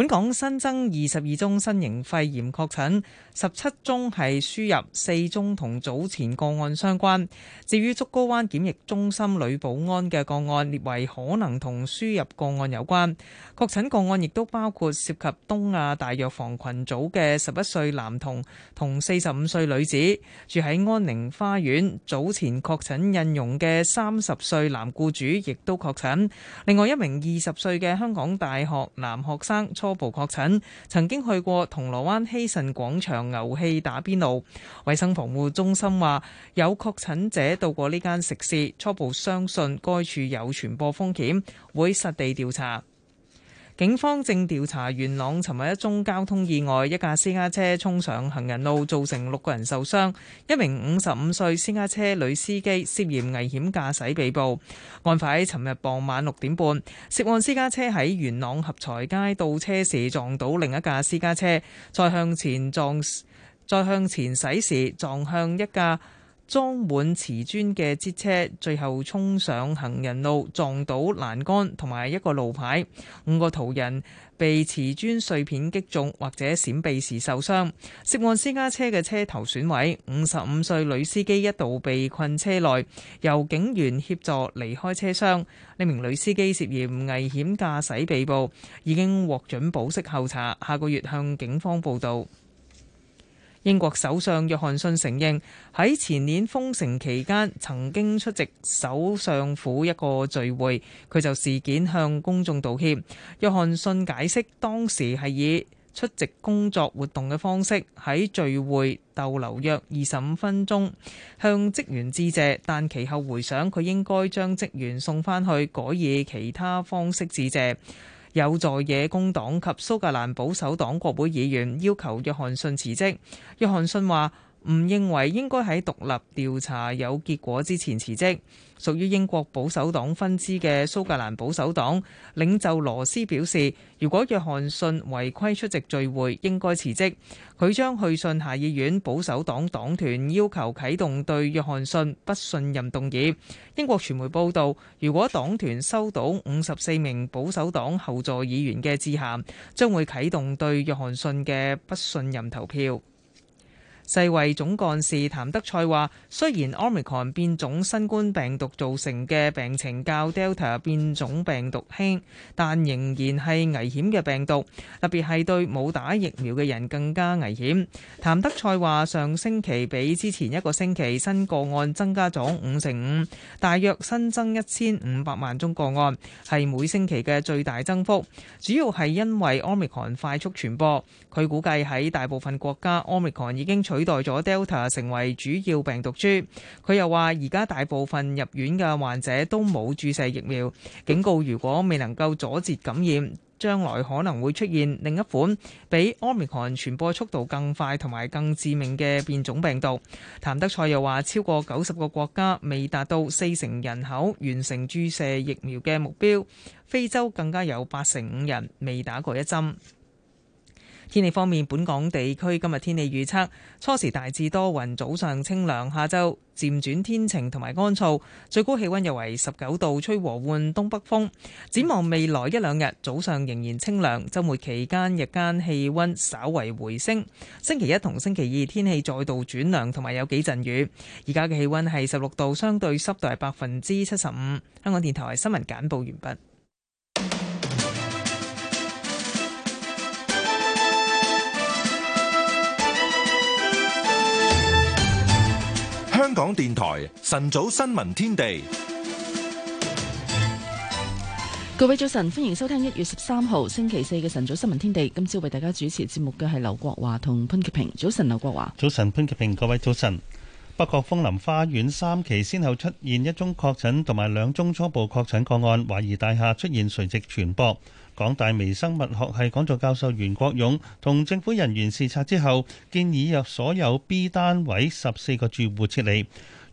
本港新增二十二宗新型肺炎確診，十七宗係輸入，四宗同早前個案相關。至於竹篙灣檢疫中心女保安嘅個案，列為可能同輸入個案有關，確診個案亦都包括涉及東亞大藥房群組嘅十一歲男童同四十五歲女子，住喺安寧花園。早前確診印傭嘅三十歲男雇主亦都確診，另外一名二十歲嘅香港大學男學生初初步確診，曾經去過銅鑼灣希慎廣場牛氣打邊爐。衛生防護中心話，有確診者到過呢間食肆，初步相信該處有傳播風險，會實地調查。警方正調查元朗尋日一宗交通意外，一架私家車衝上行人路，造成六個人受傷。一名五十五歲私家車女司機涉嫌危險駕駛被捕。案發喺尋日傍晚六點半，涉案私家車喺元朗合財街倒車時撞到另一架私家車，再向前撞再向前駛時撞向一架。裝滿瓷磚嘅車最後衝上行人路，撞到欄杆同埋一個路牌。五個途人被瓷磚碎片擊中或者閃避時受傷。涉案私家車嘅車頭損毀，五十五歲女司機一度被困車內，由警員協助離開車廂。呢名女司機涉嫌危險駕駛被捕，已經獲准保釋候查，下個月向警方報道英國首相約翰遜承認喺前年封城期間曾經出席首相府一個聚會，佢就事件向公眾道歉。約翰遜解釋當時係以出席工作活動嘅方式喺聚會逗留約二十五分鐘，向職員致謝，但其後回想佢應該將職員送返去，改以其他方式致謝。有在野工黨及蘇格蘭保守黨國會議員要求約翰遜辭職。約翰遜話唔認為應該喺獨立調查有結果之前辭職。屬於英國保守黨分支嘅蘇格蘭保守黨領袖羅斯表示，如果約翰遜違規出席聚會，應該辭職。佢將去信下議院保守黨黨團，要求啟動對約翰遜不信任動議。英國傳媒報道，如果黨團收到五十四名保守黨後座議員嘅致函，將會啟動對約翰遜嘅不信任投票。世衛總幹事譚德塞話：雖然 Omicron 變種新冠病毒造成嘅病情較 Delta 變種病毒輕，但仍然係危險嘅病毒，特別係對冇打疫苗嘅人更加危險。譚德塞話：上星期比之前一個星期新個案增加咗五成五，大約新增一千五百萬宗個案，係每星期嘅最大增幅，主要係因為 Omicron 快速傳播。佢估計喺大部分國家 Omicron 已經取。取代咗 Delta 成為主要病毒株。佢又話而家大部分入院嘅患者都冇注射疫苗，警告如果未能夠阻截感染，將來可能會出現另一款比 Omicron 傳播速度更快同埋更致命嘅變種病毒。譚德塞又話，超過九十個國家未達到四成人口完成注射疫苗嘅目標，非洲更加有八成五人未打過一針。天氣方面，本港地區今日天氣預測，初時大致多雲，早上清涼，下晝漸轉天晴同埋乾燥，最高氣溫約為十九度，吹和緩東北風。展望未來一兩日，早上仍然清涼，周末期間日間氣溫稍為回升，星期一同星期二天氣再度轉涼同埋有幾陣雨。而家嘅氣溫係十六度，相對濕度係百分之七十五。香港電台新聞簡報完畢。港電台晨早新聞天地，各位早晨，歡迎收聽一月十三號星期四嘅晨早新聞天地。今朝為大家主持節目嘅係劉國華同潘潔平。早晨，劉國華，早晨，潘潔平。各位早晨。北角楓林花園三期先後出現一宗確診同埋兩宗初步確診個案，懷疑大廈出現垂直傳播。港大微生物學系講座教授袁國勇同政府人員視察之後，建議入所有 B 單位十四個住戶撤離。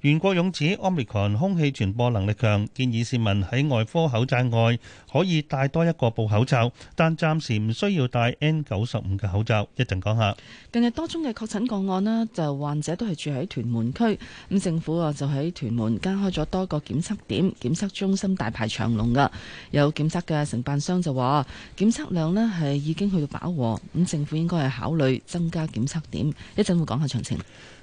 袁國勇指，Omicron 空氣傳播能力強，建議市民喺外科口罩外可以戴多一個布口罩，但暫時唔需要戴 N95 嘅口罩。一陣講下。近日多宗嘅確診個案呢，就患者都係住喺屯門區。咁政府啊，就喺屯門加開咗多個檢測點，檢測中心大排長龍㗎。有檢測嘅承辦商就話，檢測量呢係已經去到飽和。咁政府應該係考慮增加檢測點。一陣會講下詳情。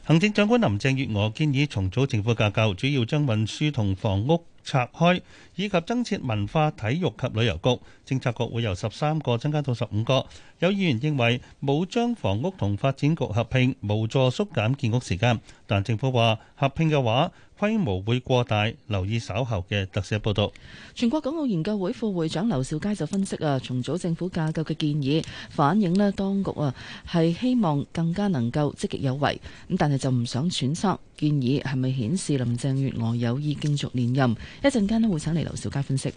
行政長官林鄭月娥建議重組政府架構，主要將運輸同房屋拆開，以及增設文化、體育及旅遊局，政策局會由十三個增加到十五個。有議員認為冇將房屋同發展局合併無助縮減建屋時間，但政府話合併嘅話規模會過大。留意稍後嘅特寫報道。全國港澳研究會副會長劉兆佳就分析啊，重組政府架構嘅建議反映咧、啊，當局啊係希望更加能夠積極有為，咁，但係就唔想揣測建議係咪顯示林鄭月娥有意競逐連任。一陣間咧會請嚟。劉小佳分析。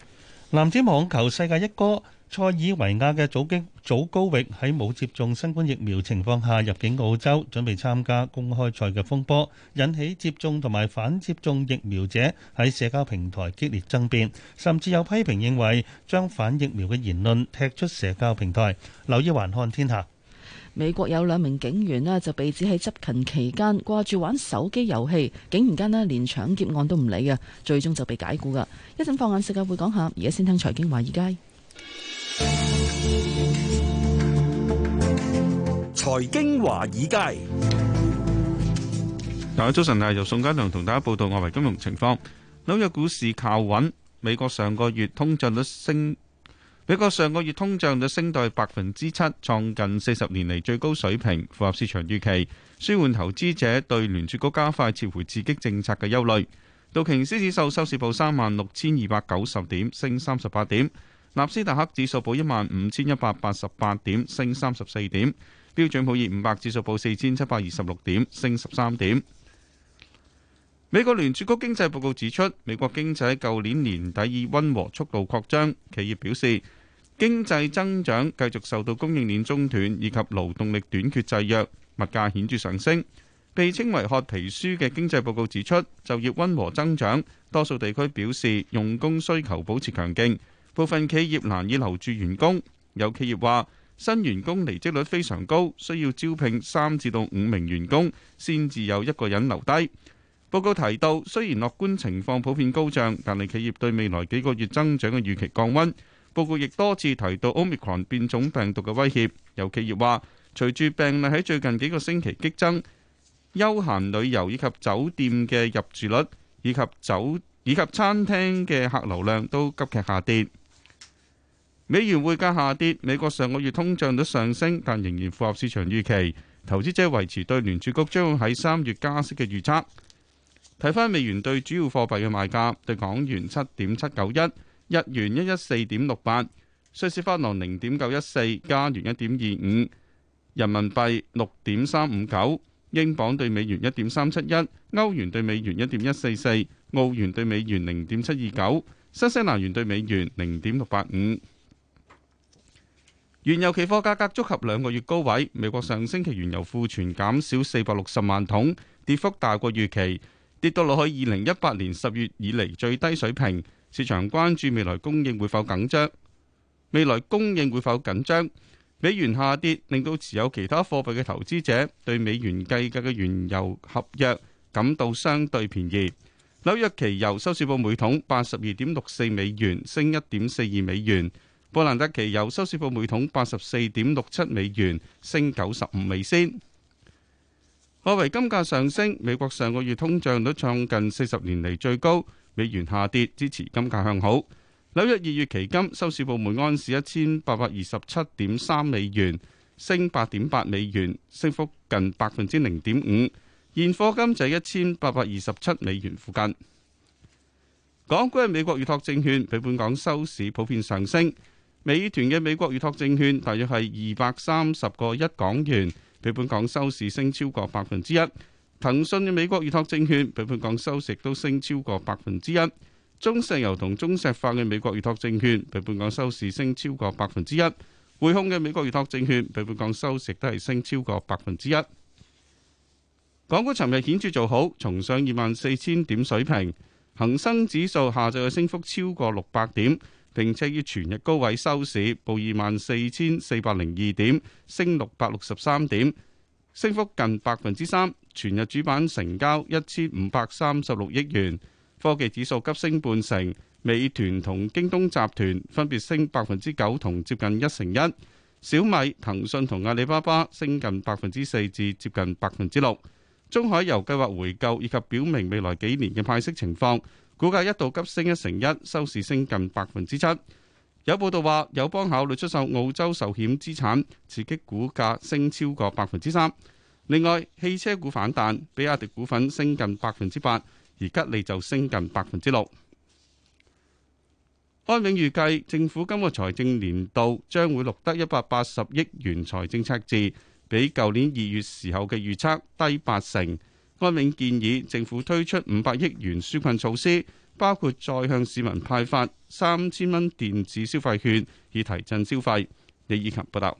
男子網球世界一哥塞爾維亞嘅祖擊祖高域喺冇接種新冠疫苗情況下入境澳洲，準備參加公開賽嘅風波，引起接種同埋反接種疫苗者喺社交平台激烈爭辯，甚至有批評認為將反疫苗嘅言論踢出社交平台。留意環看天下。美國有兩名警員咧就被指喺執勤期間掛住玩手機遊戲，竟然間咧連搶劫案都唔理嘅，最終就被解雇噶。一陣放眼世界，會講下，而家先聽財經華爾街。財經華爾街，大家早晨啊，由宋嘉良同大家報道外圍金融情況。紐約股市靠穩，美國上個月通脹率升。美國上個月通脹率升到百分之七，創近四十年嚟最高水平，符合市場預期，舒緩投資者對聯儲局加快撤回刺激政策嘅憂慮。道瓊斯指數收市報三萬六千二百九十點，升三十八點；納斯達克指數報一萬五千一百八十八點，升三十四點；標準普爾五百指數報四千七百二十六點，升十三點。美國聯儲局經濟報告指出，美國經濟喺舊年年底以溫和速度擴張，企業表示。經濟增長繼續受到供應鏈中斷以及勞動力短缺制約，物價顯著上升。被稱為《褐皮書》嘅經濟報告指出，就業溫和增長，多數地區表示用工需求保持強勁，部分企業難以留住員工。有企業話，新員工離職率非常高，需要招聘三至到五名員工先至有一個人留低。報告提到，雖然樂觀情況普遍高漲，但係企業對未來幾個月增長嘅預期降溫。報告亦多次提到奧密克戎變種病毒嘅威脅，有企業話，隨住病例喺最近幾個星期激增，休閒旅遊以及酒店嘅入住率，以及酒以及餐廳嘅客流量都急劇下跌。美元匯價下跌，美國上個月通脹率上升，但仍然符合市場預期，投資者維持對聯儲局將會喺三月加息嘅預測。睇翻美元對主要貨幣嘅賣價，對港元七點七九一。日元一一四點六八，瑞士法郎零點九一四，加元一點二五，人民幣六點三五九，英鎊兌美元一點三七一，歐元兌美元一點一四四，澳元兌美元零點七二九，新西蘭元兌美元零點六八五。原油期貨價格觸及兩個月高位，美國上星期原油庫存減少四百六十萬桶，跌幅大過預期，跌到落去二零一八年十月以嚟最低水平。市場關注未來供應會否緊張。未來供應會否緊張。美元下跌令到持有其他貨幣嘅投資者對美元計價嘅原油合約感到相對便宜。紐約期油收市報每桶八十二點六四美元，升一點四二美元。布蘭特期油收市報每桶八十四點六七美元，升九十五美仙。外圍金價上升，美國上個月通脹率創近四十年嚟最高。美元下跌，支持金價向好。紐約二月期金收市報每安士一千八百二十七點三美元，升八點八美元，升幅近百分之零點五。現貨金就一千八百二十七美元附近。港股嘅美國預託證券比本港收市普遍上升，美團嘅美國預託證券大約係二百三十個一港元，比本港收市升超過百分之一。騰訊嘅美國預託證券被半港收市都升超過百分之一；中石油同中石化嘅美國預託證券被半港收市升超過百分之一；匯控嘅美國預託證券被半港收市都係升超過百分之一。港股尋日顯著做好，重上二萬四千點水平。恒生指數下晝嘅升幅超過六百點，並且於全日高位收市報二萬四千四百零二點，升六百六十三點，升幅近百分之三。全日主板成交一千五百三十六億元，科技指數急升半成，美團同京東集團分別升百分之九同接近一成一，1, 小米、騰訊同阿里巴巴升近百分之四至接近百分之六。中海油計劃回購以及表明未來幾年嘅派息情況，股價一度急升一成一，1, 收市升近百分之七。有報道話友邦考慮出售澳洲壽險資產，刺激股價升超過百分之三。另外，汽車股反彈，比亞迪股份升近百分之八，而吉利就升近百分之六。安永預計，政府今個財政年度將會錄得一百八十億元財政赤字，比舊年二月時候嘅預測低八成。安永建議政府推出五百億元紓困措施，包括再向市民派發三千蚊電子消費券，以提振消費。李以琴報道。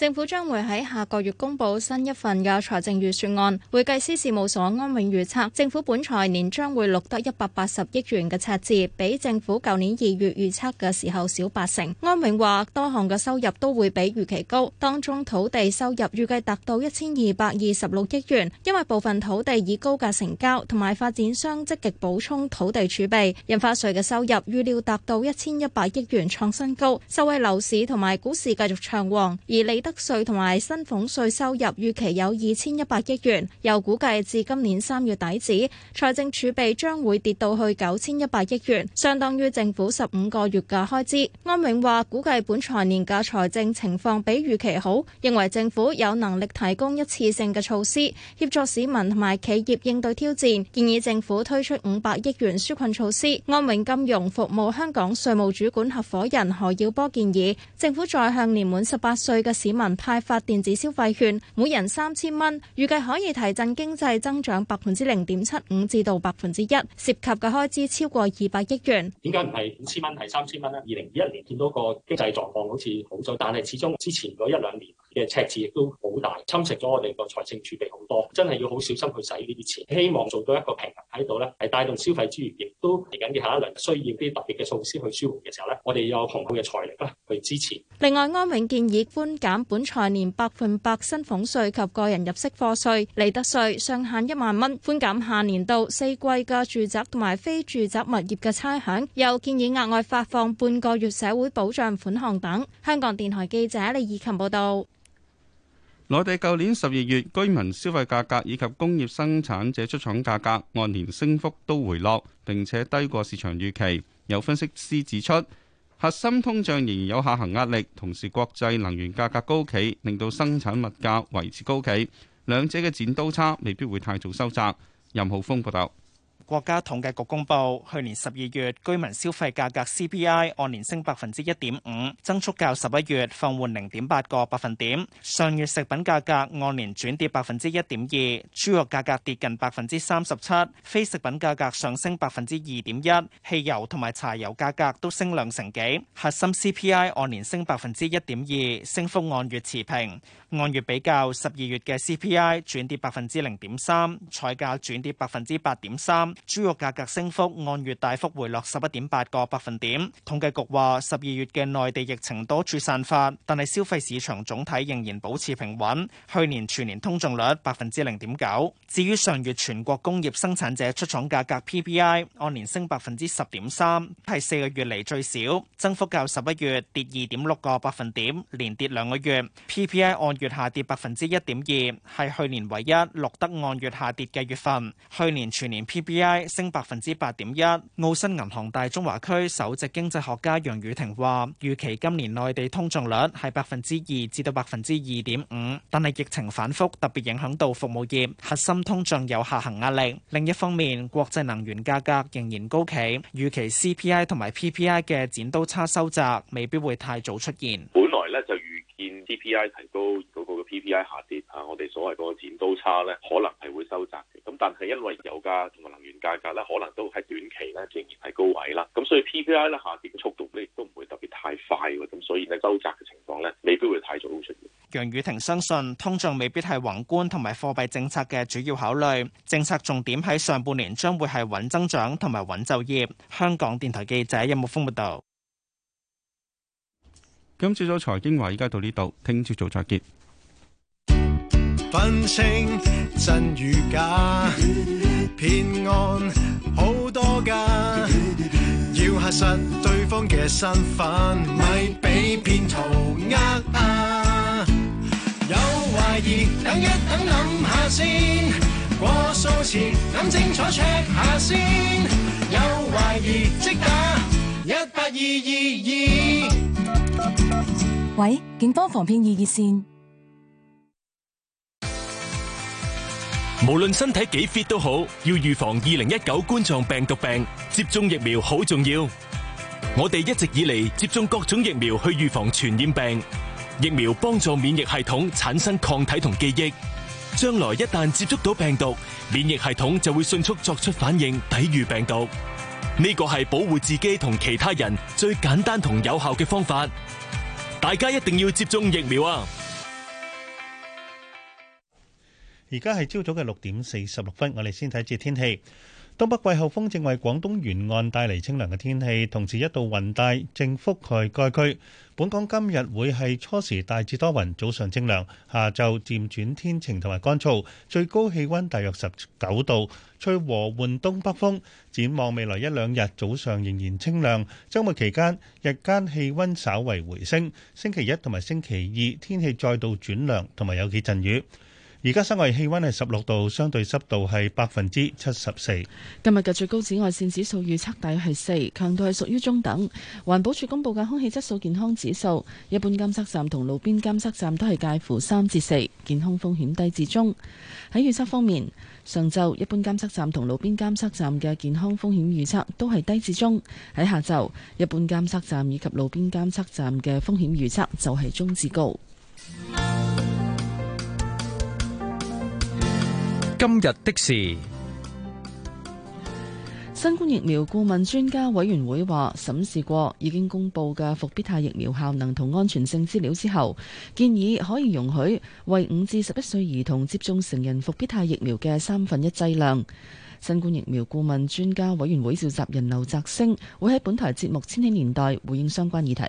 政府將會喺下個月公布新一份嘅財政預算案。會計師事務所安永預測，政府本財年將會錄得一百八十億元嘅赤字，比政府舊年二月預測嘅時候少八成。安永話，多項嘅收入都會比預期高，當中土地收入預計達到一千二百二十六億元，因為部分土地以高價成交，同埋發展商積極補充土地儲備。印花稅嘅收入預料達到一千一百億元，創新高，受惠樓市同埋股市繼續暢旺，而利得稅同埋薪俸稅收入預期有二千一百億元，又估計至今年三月底止，財政儲備將會跌到去九千一百億元，相當於政府十五個月嘅開支。安永話估計本財年嘅財政情況比預期好，認為政府有能力提供一次性嘅措施，協助市民同埋企業應對挑戰，建議政府推出五百億元紓困措施。安永金融服務香港稅務主管合夥人何耀波建議，政府再向年滿十八歲嘅市民民派發電子消費券，每人三千蚊，預計可以提振經濟增長百分之零點七五至到百分之一，涉及嘅開支超過二百億元。點解唔係五千蚊係三千蚊咧？二零二一年見到個經濟狀況好似好咗，但係始終之前嗰一兩年嘅赤字亦都好大，侵蝕咗我哋個財政儲備好多，真係要好小心去使呢啲錢。希望做到一個平衡喺度呢係帶動消費之餘，亦都嚟緊嘅下一輪需要啲特別嘅措施去舒緩嘅時候呢，我哋有雄厚嘅財力咧去支持。另外，安永建議寬減。寬寬本財年百分百薪俸稅及個人入息課稅利得稅上限一萬蚊，寬減下年度四季嘅住宅同埋非住宅物業嘅差餉，又建議額外發放半個月社會保障款項等。香港電台記者李以琴報道。內地舊年十二月居民消費價格以及工業生產者出廠價格按年升幅都回落，並且低過市場預期。有分析師指出，核心通脹仍然有下行壓力，同時國際能源價格高企，令到生產物價維持高企，兩者嘅剪刀差未必會太早收窄。任浩峰報道。國家統計局公布，去年十二月居民消費價格 CPI 按年升百分之一點五，增速較十一月放緩零點八個百分點。上月食品價格按年轉跌百分之一點二，豬肉價格跌近百分之三十七，非食品價格上升百分之二點一，汽油同埋柴油價格都升兩成幾。核心 CPI 按年升百分之一點二，升幅按月持平。按月比較，十二月嘅 CPI 轉跌百分之零點三，菜價轉跌百分之八點三。豬肉價格升幅按月大幅回落十一點八個百分點。統計局話，十二月嘅內地疫情多處散發，但係消費市場總體仍然保持平穩。去年全年通脹率百分之零點九。至於上月全國工業生產者出廠價格 PPI 按年升百分之十點三，係四個月嚟最少，增幅較十一月跌二點六個百分點，連跌兩個月。PPI 按月下跌百分之一點二，係去年唯一錄得按月下跌嘅月份。去年全年 PPI 升百分之八點一，澳新銀行大中華區首席經濟學家楊宇婷話，預期今年內地通脹率係百分之二至到百分之二點五，但係疫情反復，特別影響到服務業，核心通脹有下行壓力。另一方面，國際能源價格仍然高企，預期 CPI 同埋 PPI 嘅剪刀差收窄，未必會太早出現。本來咧就預見 PPI 提高嗰個嘅 PPI 下跌啊，我哋所謂嗰個剪刀差咧，可能係會收窄。咁但係因為油價同埋能源價格咧，可能都喺短期咧仍然係高位啦。咁所以 PPI 咧下跌嘅速度咧，亦都唔會特別太快。咁所以喺收窄嘅情況咧，未必會太早出現。楊雨婷相信通脹未必係宏觀同埋貨幣政策嘅主要考慮，政策重點喺上半年將會係穩增長同埋穩就業。香港電台記者任木峰報道。今朝早財經話依家到呢度，聽朝早再見。分清真與假，騙案好多㗎， 要核實對方嘅身份，咪俾騙徒呃啊！ 有懷疑，等一等諗下先，過數前諗清楚 check 下先，有懷疑即打一八二二二。喂，警方防騙易熱線。無論身體幾 fit 都好，要預防二零一九冠狀病毒病，接種疫苗好重要。我哋一直以嚟，接種各種疫苗去預防傳染病，疫苗幫助免疫系統產生抗體同記憶，將來一旦接觸到病毒，免疫系統就會迅速作出反應，抵禦病毒。呢個係保護自己同其他人最簡單同有效嘅方法，大家一定要接種疫苗啊！而家係朝早嘅六點四十六分，我哋先睇下天氣。東北季候風正為廣東沿岸帶嚟清涼嘅天氣，同時一道雲帶正覆蓋該區。本港今日會係初時大致多雲，早上清涼，下晝漸轉天晴同埋乾燥，最高氣温大約十九度，吹和緩東北風。展望未來一兩日，早上仍然清涼。周末期間，日間氣温稍為回升，星期一同埋星期二天氣再度轉涼同埋有幾陣雨。而家室外氣温係十六度，相對濕度係百分之七十四。今日嘅最高紫外線指數預測大約係四，強度係屬於中等。環保署公布嘅空氣質素健康指數，一般監測站同路邊監測站都係介乎三至四，健康風險低至中。喺預測方面，上晝一般監測站同路邊監測站嘅健康風險預測都係低至中。喺下晝，一般監測站以及路邊監測站嘅風險預測就係中至高。今日的事，新冠疫苗顧問專家委員會話，審視過已經公布嘅復必泰疫苗效能同安全性資料之後，建議可以容許為五至十一歲兒童接種成人復必泰疫苗嘅三分一劑量。新冠疫苗顧問專家委員會召集人劉澤星會喺本台節目《千禧年代》回應相關議題。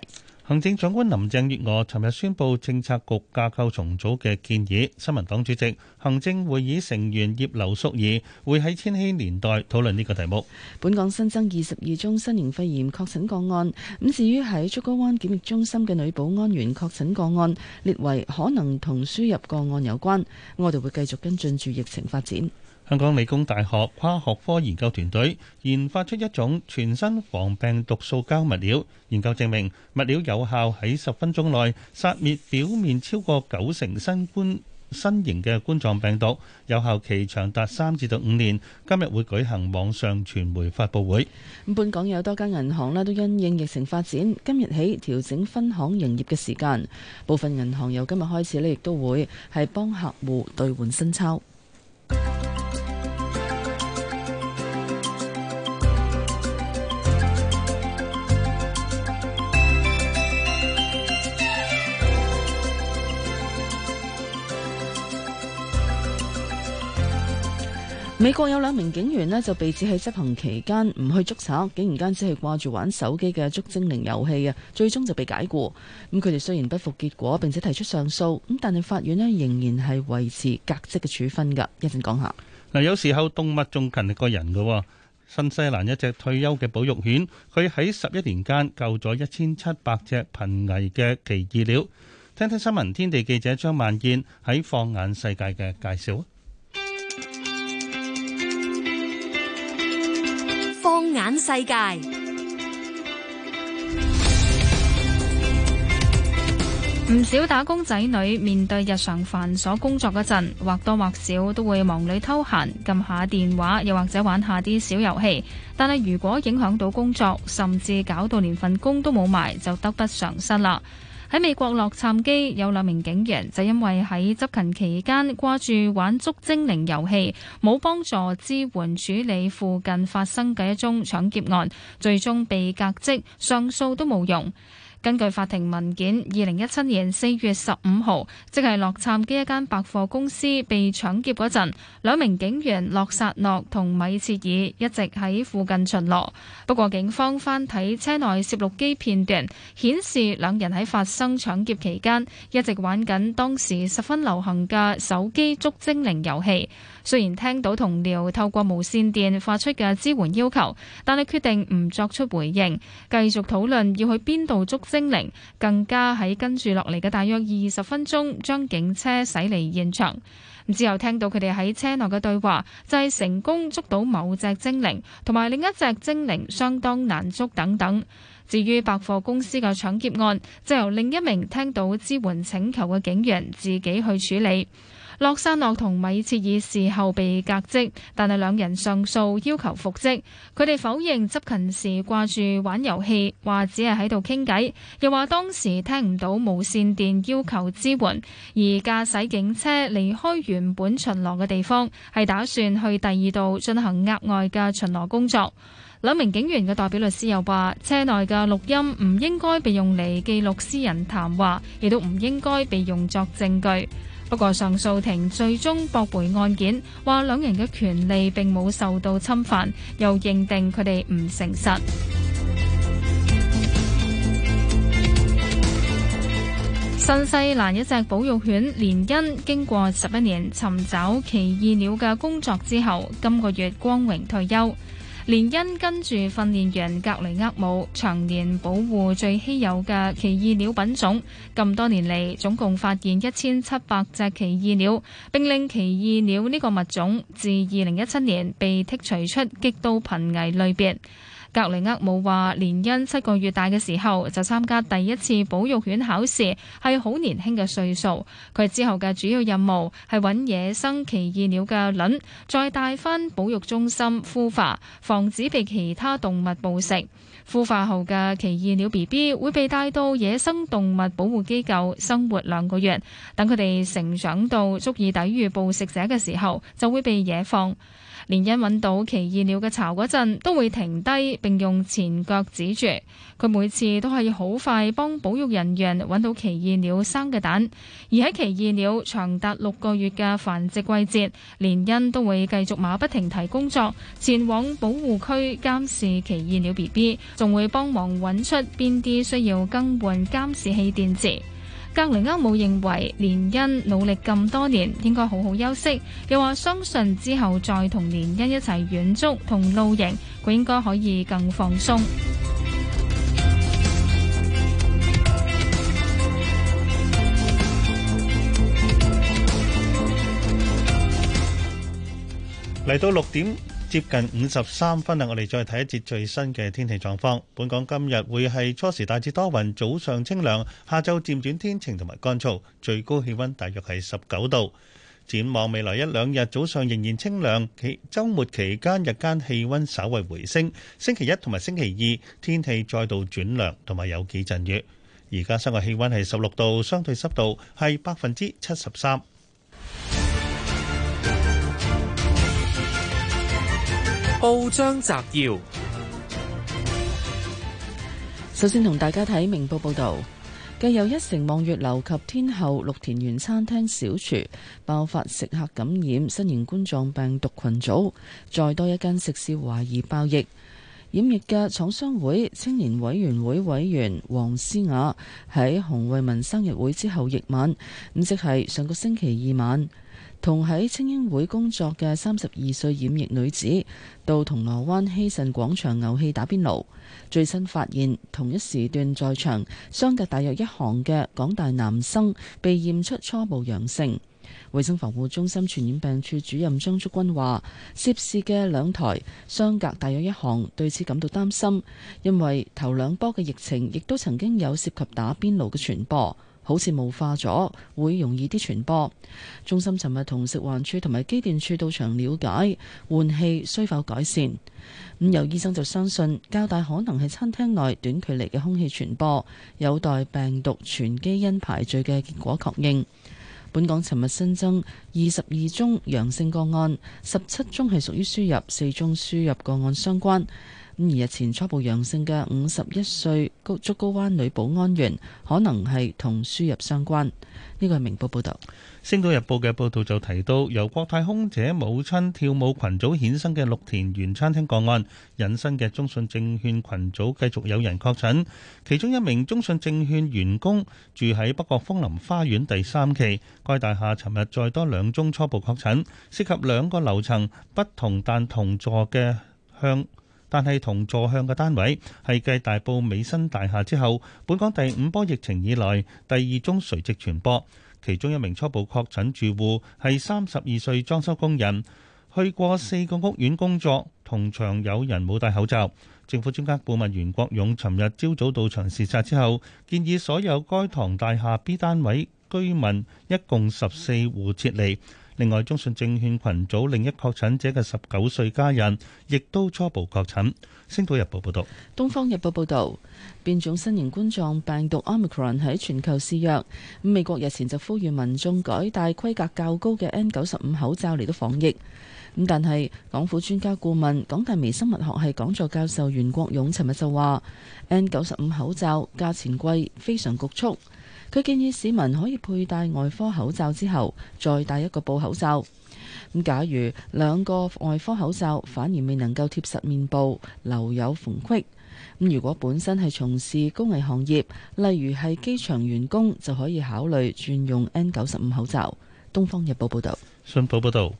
行政長官林鄭月娥尋日宣布政策局架構重組嘅建議。新聞黨主席、行政會議成員葉劉淑儀會喺千禧年代討論呢個題目。本港新增二十二宗新型肺炎確診個案。咁至於喺竹篙灣檢疫中心嘅女保安員確診個案，列為可能同輸入個案有關。我哋會繼續跟進住疫情發展。香港理工大學跨學科研究團隊研發出一種全新防病毒塑膠物料，研究證明物料有效喺十分鐘內殺滅表面超過九成新冠新型嘅冠狀病毒，有效期長達三至到五年。今日會舉行網上傳媒發布會。咁，本港有多間銀行咧都因應疫情發展，今日起調整分行營業嘅時間，部分銀行由今日開始咧亦都會係幫客戶兌換新鈔。美國有兩名警員咧就被指喺執行期間唔去捉賊，竟然間只係掛住玩手機嘅捉精靈遊戲啊！最終就被解雇。咁佢哋雖然不服結果，並且提出上訴，咁但係法院咧仍然係維持革職嘅處分噶。講一陣講下嗱，有時候動物仲勤力過人噶。新西蘭一隻退休嘅保育犬，佢喺十一年間救咗一千七百隻瀕危嘅奇異鳥。聽聽新聞天地記者張萬燕喺放眼世界嘅介紹。眼世界，唔少打工仔女面對日常繁瑣工作嗰陣，或多或少都會忙裏偷閒，撳下電話，又或者玩下啲小遊戲。但係如果影響到工作，甚至搞到連份工都冇埋，就得不償失啦。喺美國洛杉磯有兩名警員就因為喺執勤期間掛住玩《捉精靈》遊戲，冇幫助支援處理附近發生嘅一宗搶劫案，最終被革職，上訴都冇用。根據法庭文件，二零一七年四月十五號，即係洛杉磯一間百貨公司被搶劫嗰陣，兩名警員洛薩諾同米切爾一直喺附近巡邏。不過，警方翻睇車內攝錄機片段，顯示兩人喺發生搶劫期間一直玩緊當時十分流行嘅手機捉精靈遊戲。雖然聽到同僚透過無線電發出嘅支援要求，但係決定唔作出回應，繼續討論要去邊度捉精靈。更加喺跟住落嚟嘅大約二十分鐘，將警車駛離現場。之後聽到佢哋喺車內嘅對話，就係、是、成功捉到某隻精靈，同埋另一隻精靈相當難捉等等。至於百貨公司嘅搶劫案，就由另一名聽到支援請求嘅警員自己去處理。洛薩諾同米切爾事後被革職，但係兩人上訴要求復職。佢哋否認執勤時掛住玩遊戲，話只係喺度傾偈，又話當時聽唔到無線電要求支援，而駕駛警車離開原本巡邏嘅地方，係打算去第二度進行額外嘅巡邏工作。兩名警員嘅代表律師又話，車內嘅錄音唔應該被用嚟記錄私人談話，亦都唔應該被用作證據。不過，上訴庭最終駁回案件，話兩人嘅權利並冇受到侵犯，又認定佢哋唔誠實。新西蘭一隻保育犬連恩經過十一年尋找奇異鳥嘅工作之後，今個月光榮退休。連恩跟住訓練員格雷厄姆長年保護最稀有嘅奇異鳥品種，咁多年嚟總共發現一千七百隻奇異鳥，並令奇異鳥呢個物種自二零一七年被剔除出極度瀕危類別。格里厄姆話，年因七個月大嘅時候就參加第一次保育犬考試，係好年輕嘅歲數。佢之後嘅主要任務係揾野生奇異鳥嘅卵，再帶翻保育中心孵化，防止被其他動物捕食。孵化後嘅奇異鳥 B B 會被帶到野生動物保護機構生活兩個月，等佢哋成長到足以抵禦捕食者嘅時候，就會被野放。連恩揾到奇異鳥嘅巢嗰陣，都會停低，並用前腳指住佢。每次都係好快幫保育人員揾到奇異鳥生嘅蛋。而喺奇異鳥長達六個月嘅繁殖季節，連恩都會繼續馬不停蹄工作，前往保護區監視奇異鳥 BB，仲會幫忙揾出邊啲需要更換監視器電池。格雷厄姆認為連恩努力咁多年，應該好好休息。又話相信之後再同連恩一齊遠足同露營，佢應該可以更放鬆。嚟到六點。接近五十三分啦，我哋再睇一節最新嘅天氣狀況。本港今日會係初時大致多雲，早上清涼，下晝漸轉天晴同埋乾燥，最高氣溫大約係十九度。展望未來一兩日，早上仍然清涼，期週末期間日間氣溫稍為回升，星期一同埋星期二天氣再度轉涼同埋有幾陣雨。而家室外氣溫係十六度，相對濕度係百分之七十三。報章摘要：首先同大家睇明報報道，繼由一城望月樓及天后綠田園餐廳小廚爆發食客感染新型冠狀病毒群組，再多一間食肆懷疑爆疫。染疫嘅廠商會青年委員會委員黃思雅喺洪慧文生日會之後翌晚，咁即係上個星期二晚。同喺菁英會工作嘅三十二歲染疫女子，到銅鑼灣希慎廣場牛氣打邊爐，最新發現同一時段在場、相隔大約一行嘅港大男生，被驗出初步陽性。衞生防護中心傳染病處主任張竹君話：涉事嘅兩台相隔大約一行，對此感到擔心，因為頭兩波嘅疫情亦都曾經有涉及打邊爐嘅傳播。好似霧化咗，會容易啲傳播。中心尋日同食環署同埋機電處到場了解換氣需否改善。咁有醫生就相信較大可能係餐廳內短距離嘅空氣傳播，有待病毒全基因排序嘅結果確認。本港尋日新增二十二宗陽性個案，十七宗係屬於輸入，四宗輸入個案相關。而日前初步陽性嘅五十一歲竹篙灣女保安員，可能係同輸入相關。呢個係明報報道，《星島日報》嘅報道就提到，由國泰空姐母親跳舞群組衍生嘅綠田園餐廳個案，引申嘅中信證券群組繼續有人確診，其中一名中信證券員工住喺北角楓林花園第三期，該大廈尋日再多兩宗初步確診，涉及兩個樓層不同但同座嘅向。但係同座向嘅單位係繼大埔美新大廈之後，本港第五波疫情以來第二宗垂直傳播，其中一名初步確診住戶係三十二歲裝修工人，去過四個屋苑工作，同場有人冇戴口罩。政府專家顧問袁國勇尋日朝早到場視察之後，建議所有該堂大廈 B 單位居民一共十四戶撤離。另外，中信證券群組另一確診者嘅十九歲家人，亦都初步確診。星島日報報道，東方日報報道，變種新型冠狀病毒 Omicron 喺全球肆虐。咁美國日前就呼籲民眾改戴規格較高嘅 N 九十五口罩嚟到防疫。咁但係，港府專家顧問、港大微生物學系講座教授袁國勇，尋日就話：N 九十五口罩價錢貴，非常局促。佢建議市民可以佩戴外科口罩之後，再戴一個布口罩。咁假如兩個外科口罩反而未能夠貼實面部，留有縫隙，咁如果本身係從事高危行業，例如係機場員工，就可以考慮轉用 N 九十五口罩。《東方日報》報道。《信報》報道，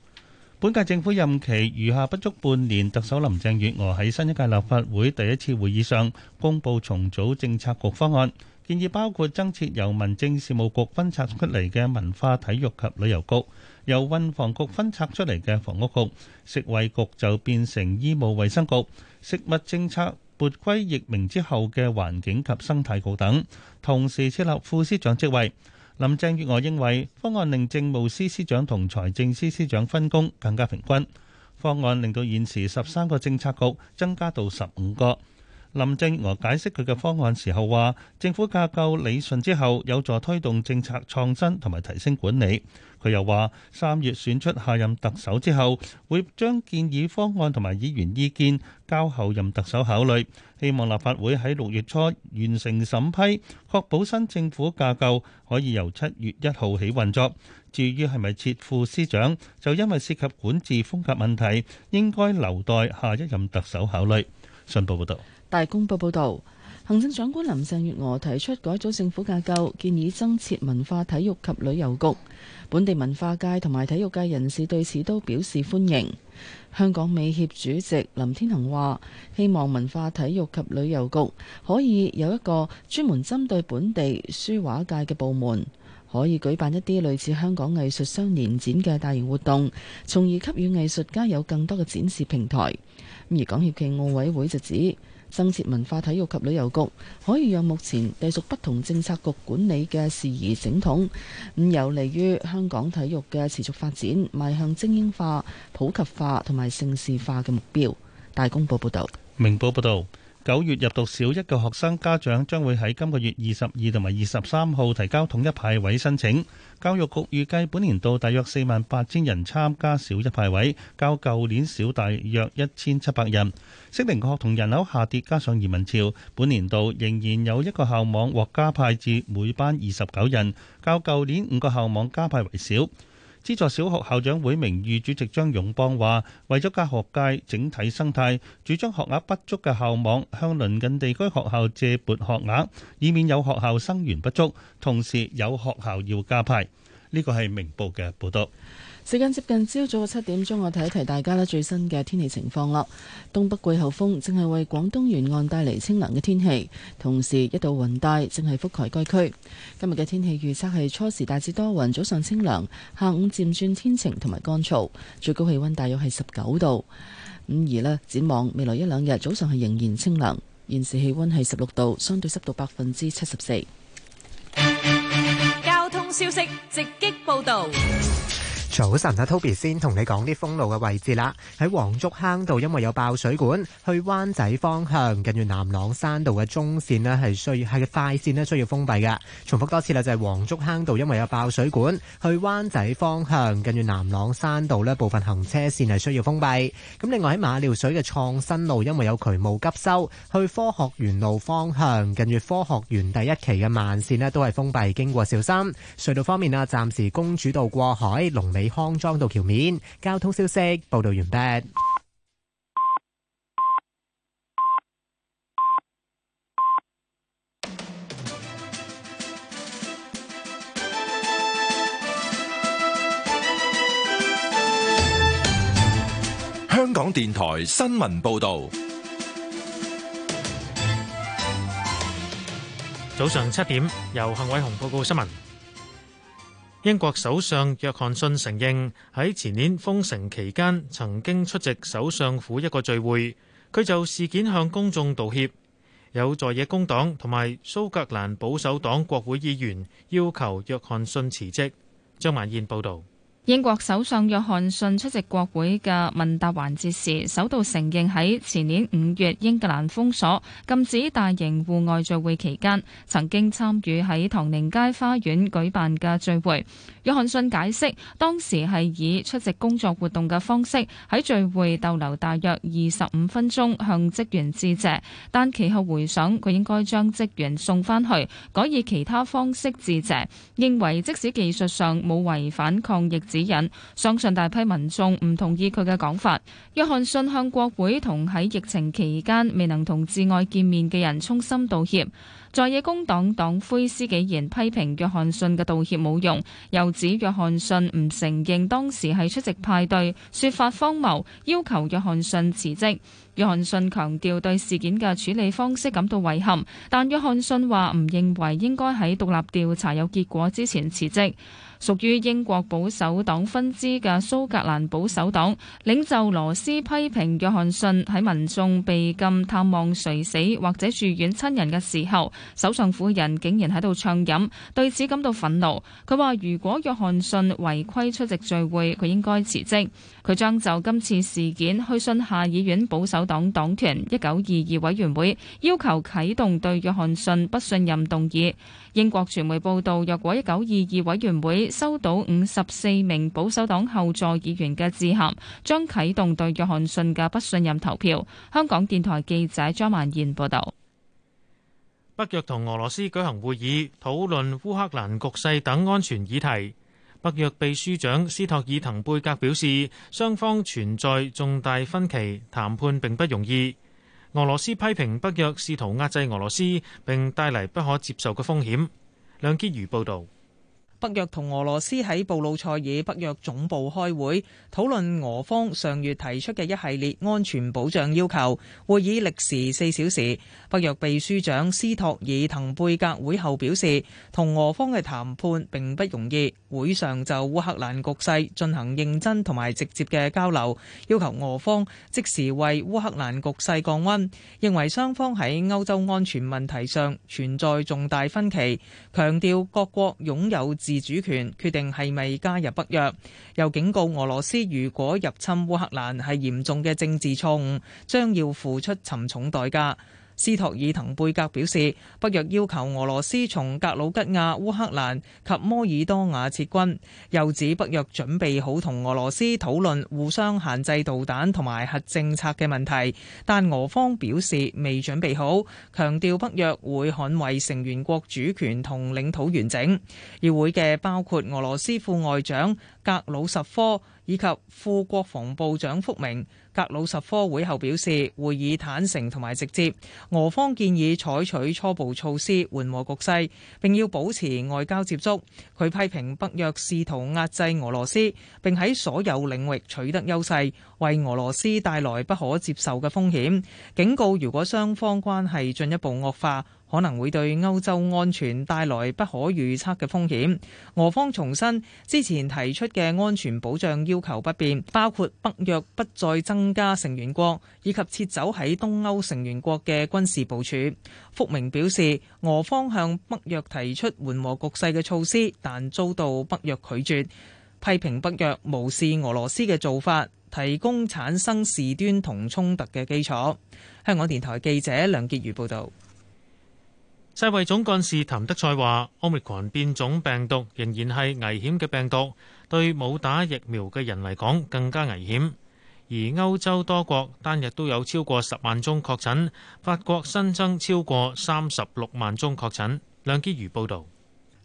本屆政府任期餘下不足半年，特首林鄭月娥喺新一屆立法會第一次會議上公佈重組政策局方案。建議包括增設由民政事務局分拆出嚟嘅文化、體育及旅遊局，由運房局分拆出嚟嘅房屋局，食衞局就變成醫務衛生局，食物政策撥歸易名之後嘅環境及生態局等，同時設立副司長職位。林鄭月娥認為方案令政務司司長同財政司司長分工更加平均，方案令到現時十三個政策局增加到十五個。林鄭娥解釋佢嘅方案，時候話：政府架構理順之後，有助推動政策創新同埋提升管理。佢又話：三月選出下任特首之後，會將建議方案同埋議員意見交後任特首考慮。希望立法會喺六月初完成審批，確保新政府架構可以由七月一號起運作。至於係咪設副司長，就因為涉及管治風格問題，應該留待下一任特首考慮。信報報道。大公報報導，行政長官林鄭月娥提出改組政府架構建議，增設文化、體育及旅遊局。本地文化界同埋體育界人士對此都表示歡迎。香港美協主席林天行話，希望文化、體育及旅遊局可以有一個專門針對本地書畫界嘅部門，可以舉辦一啲類似香港藝術雙年展嘅大型活動，從而給予藝術家有更多嘅展示平台。而港協暨奧委會就指。增設文化體育及旅遊局，可以讓目前隸屬不同政策局管理嘅事宜整統，咁有利於香港體育嘅持續發展，邁向精英化、普及化同埋盛事化嘅目標。大公報報道，明報報道。九月入讀小一嘅學生家長將會喺今個月二十二同埋二十三號提交統一派位申請。教育局預計本年度大約四萬八千人參加小一派位，較舊年少大約一千七百人。適齡嘅學童人口下跌，加上移民潮，本年度仍然有一個校網獲加派至每班二十九人，較舊年五個校網加派為少。資助小學校長會名譽主席張勇邦話，為咗教學界整體生態，主張學額不足嘅校網向鄰近地區學校借撥學額，以免有學校生源不足，同時有學校要加派。呢個係明報嘅報道。時間接近朝早嘅七點鐘，我提一提大家啦，最新嘅天氣情況啦。東北季候風正係為廣東沿岸帶嚟清涼嘅天氣，同時一道雲帶正係覆蓋該區。今日嘅天氣預測係初時大致多雲，早上清涼，下午漸轉天晴同埋乾燥，最高氣溫大約係十九度。五而呢，展望未來一兩日，早上係仍然清涼。現時氣溫係十六度，相對濕度百分之七十四。交通消息直擊報道。早晨，阿、啊、Toby 先同你講啲封路嘅位置啦。喺黃竹坑道，因為有爆水管，去灣仔方向，近住南朗山道嘅中線咧，係需要係嘅快線咧需要封閉嘅。重複多次啦，就係、是、黃竹坑道，因為有爆水管，去灣仔方向，近住南朗山道咧部分行車線係需要封閉。咁另外喺馬料水嘅創新路，因為有渠務急修，去科學園路方向，近住科學園第一期嘅慢線咧都係封閉，經過尖山隧道方面啊，暫時公主道過海龍尾。喺康莊道橋面，交通消息報導完畢。香港電台新聞報導，早上七點由幸偉雄報告新聞。英國首相約翰遜承認喺前年封城期間曾經出席首相府一個聚會，佢就事件向公眾道歉。有在野工黨同埋蘇格蘭保守黨國會議員要求約翰遜辭職。張曼燕報導。英國首相約翰遜出席國會嘅問答環節時，首度承認喺前年五月英格蘭封鎖、禁止大型戶外聚會期間，曾經參與喺唐寧街花園舉辦嘅聚會。約翰遜解釋，當時係以出席工作活動嘅方式喺聚會逗留大約二十五分鐘向職員致謝，但其後回想佢應該將職員送返去，改以其他方式致謝，認為即使技術上冇違反抗疫指引，相信大批民眾唔同意佢嘅講法。約翰遜向國會同喺疫情期間未能同至愛見面嘅人衷心道歉。在野工黨黨魁施紀賢批評約翰遜嘅道歉冇用，又指約翰遜唔承認當時係出席派對，說法荒謬，要求約翰遜辭職。約翰遜強調對事件嘅處理方式感到遺憾，但約翰遜話唔認為應該喺獨立調查有結果之前辭職。屬於英國保守黨分支嘅蘇格蘭保守黨領袖羅斯批評約翰遜喺民眾被禁探望垂死或者住院親人嘅時候，首相夫人竟然喺度暢飲，對此感到憤怒。佢話：如果約翰遜違規出席聚會，佢應該辭職。佢將就今次事件去信下議院保守黨黨團1922委員會，要求啟動對約翰遜不信任動議。英國傳媒報道，若果一九二二委員會收到五十四名保守黨後座議員嘅致函，將啟動對約翰遜嘅不信任投票。香港電台記者張曼燕報道。北約同俄羅斯舉行會議，討論烏克蘭局勢等安全議題。北約秘書長斯托爾滕貝格表示，雙方存在重大分歧，談判並不容易。俄羅斯批評北約試圖壓制俄羅斯，並帶嚟不可接受嘅風險。梁潔如報道。北約同俄羅斯喺布魯塞爾北約總部開會，討論俄方上月提出嘅一系列安全保障要求。會議歷時四小時。北約秘書長斯托爾滕貝格會後表示，同俄方嘅談判並不容易。會上就烏克蘭局勢進行認真同埋直接嘅交流，要求俄方即時為烏克蘭局勢降溫。認為雙方喺歐洲安全問題上存在重大分歧，強調各國擁有自自主權，決定係咪加入北約，又警告俄羅斯，如果入侵烏克蘭，係嚴重嘅政治錯誤，將要付出沉重代價。斯托爾滕貝格表示，北約要求俄羅斯從格魯吉亞、烏克蘭及摩爾多瓦撤軍，又指北約準備好同俄羅斯討論互相限制導彈同埋核政策嘅問題，但俄方表示未準備好，強調北約會捍衛成員國主權同領土完整。與會嘅包括俄羅斯副外長格魯什科。以及副國防部長福明格魯什科會後表示，會議坦誠同埋直接，俄方建議採取初步措施緩和局勢，並要保持外交接觸，佢批評北約試圖壓制俄羅斯，並喺所有領域取得優勢，為俄羅斯帶來不可接受嘅風險，警告如果雙方關係進一步惡化，可能會對歐洲安全帶來不可預測嘅風險。俄方重申之前提出嘅安全保障要求不變，包括北約不再增加成員國，以及撤走喺東歐成員國嘅軍事部署。福明表示，俄方向北約提出緩和局勢嘅措施，但遭到北約拒絕，批評北約無視俄羅斯嘅做法，提供產生事端同衝突嘅基礎。香港電台記者梁潔如報導。世衛總幹事譚德賽話，Omicron 變種病毒仍然係危險嘅病毒，對冇打疫苗嘅人嚟講更加危險。而歐洲多國單日都有超過十萬宗確診，法國新增超過三十六萬宗確診。梁潔如報道。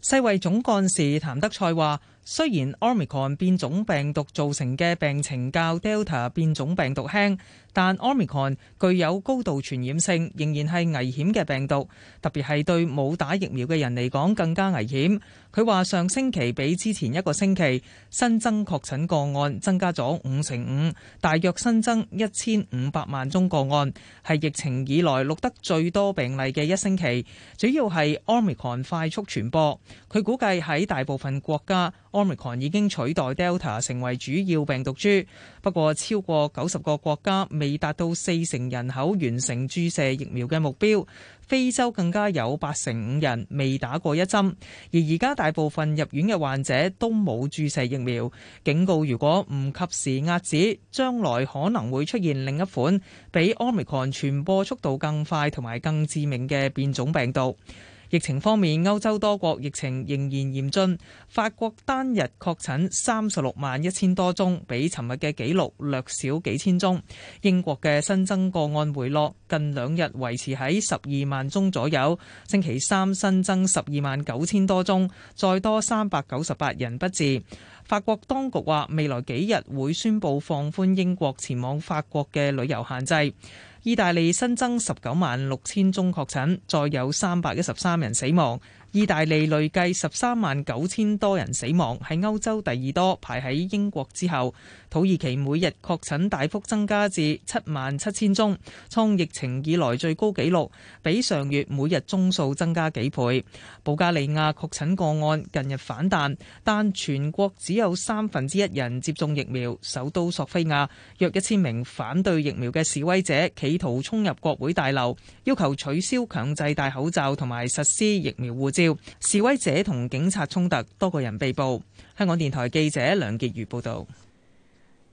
世衛總幹事譚德賽話。雖然 Omicron 變種病毒造成嘅病情較 Delta 變種病毒輕，但 Omicron 具有高度傳染性，仍然係危險嘅病毒，特別係對冇打疫苗嘅人嚟講更加危險。佢話：上星期比之前一個星期新增確診個案增加咗五成五，大約新增一千五百萬宗個案，係疫情以來錄得最多病例嘅一星期。主要係 Omicron 快速傳播。佢估計喺大部分國家，Omicron 已經取代 Delta 成為主要病毒株。不過，超過九十個國家未達到四成人口完成注射疫苗嘅目標。非洲更加有八成五人未打過一針，而而家大部分入院嘅患者都冇注射疫苗。警告：如果唔及時遏止，將來可能會出現另一款比 omicron 傳播速度更快同埋更致命嘅變種病毒。疫情方面，歐洲多國疫情仍然嚴峻。法國單日確診三十六萬一千多宗，比尋日嘅紀錄略少幾千宗。英國嘅新增個案回落，近兩日維持喺十二萬宗左右。星期三新增十二萬九千多宗，再多三百九十八人不治。法國當局話，未來幾日會宣布放寬英國前往法國嘅旅遊限制。意大利新增十九萬六千宗確診，再有三百一十三人死亡。意大利累計十三萬九千多人死亡，喺歐洲第二多，排喺英國之後。土耳其每日確診大幅增加至七萬七千宗，創疫情以來最高紀錄，比上月每日宗數增加幾倍。保加利亞確診個案近日反彈，但全國只有三分之一人接種疫苗。首都索菲亞約一千名反對疫苗嘅示威者，企圖衝入國會大樓，要求取消強制戴口罩同埋實施疫苗護照。示威者同警察衝突，多個人被捕。香港電台記者梁潔瑜報導。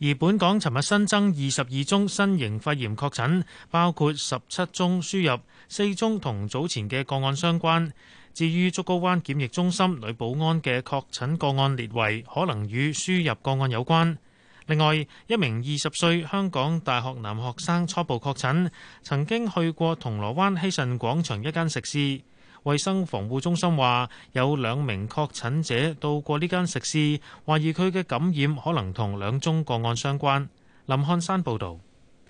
而本港尋日新增二十二宗新型肺炎確診，包括十七宗輸入，四宗同早前嘅個案相關。至於竹篙灣檢疫中心女保安嘅確診個案，列為可能與輸入個案有關。另外，一名二十歲香港大學男學生初步確診，曾經去過銅鑼灣希慎廣場一間食肆。衛生防護中心話有兩名確診者到過呢間食肆，懷疑佢嘅感染可能同兩宗個案相關。林漢山報道。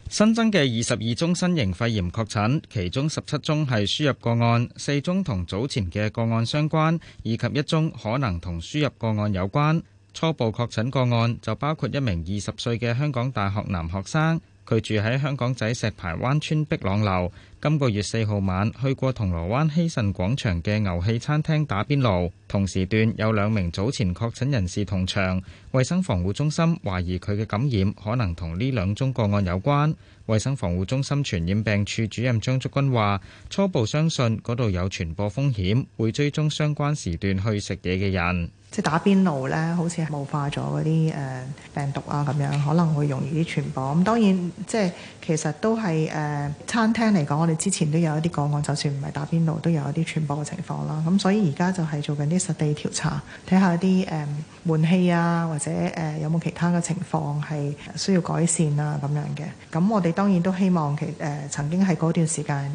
新增嘅二十二宗新型肺炎確診，其中十七宗係輸入個案，四宗同早前嘅個案相關，以及一宗可能同輸入個案有關。初步確診個案就包括一名二十歲嘅香港大學男學生，佢住喺香港仔石排灣村碧朗樓。今個月四號晚，去過銅鑼灣希慎廣場嘅牛氣餐廳打邊爐。同時段有兩名早前確診人士同場，衛生防護中心懷疑佢嘅感染可能同呢兩宗個案有關。衛生防護中心傳染病處主任張竹君話，初步相信嗰度有傳播風險，會追蹤相關時段去食嘢嘅人。即係打邊爐咧，好似係霧化咗嗰啲誒病毒啊咁樣，可能會容易啲傳播。咁當然即係其實都係誒、呃、餐廳嚟講，我哋之前都有一啲個案，就算唔係打邊爐都有一啲傳播嘅情況啦。咁所以而家就係做緊啲。實地調查，睇下啲誒換氣啊，或者誒有冇其他嘅情況係需要改善啊咁樣嘅。咁我哋當然都希望其誒曾經喺嗰段時間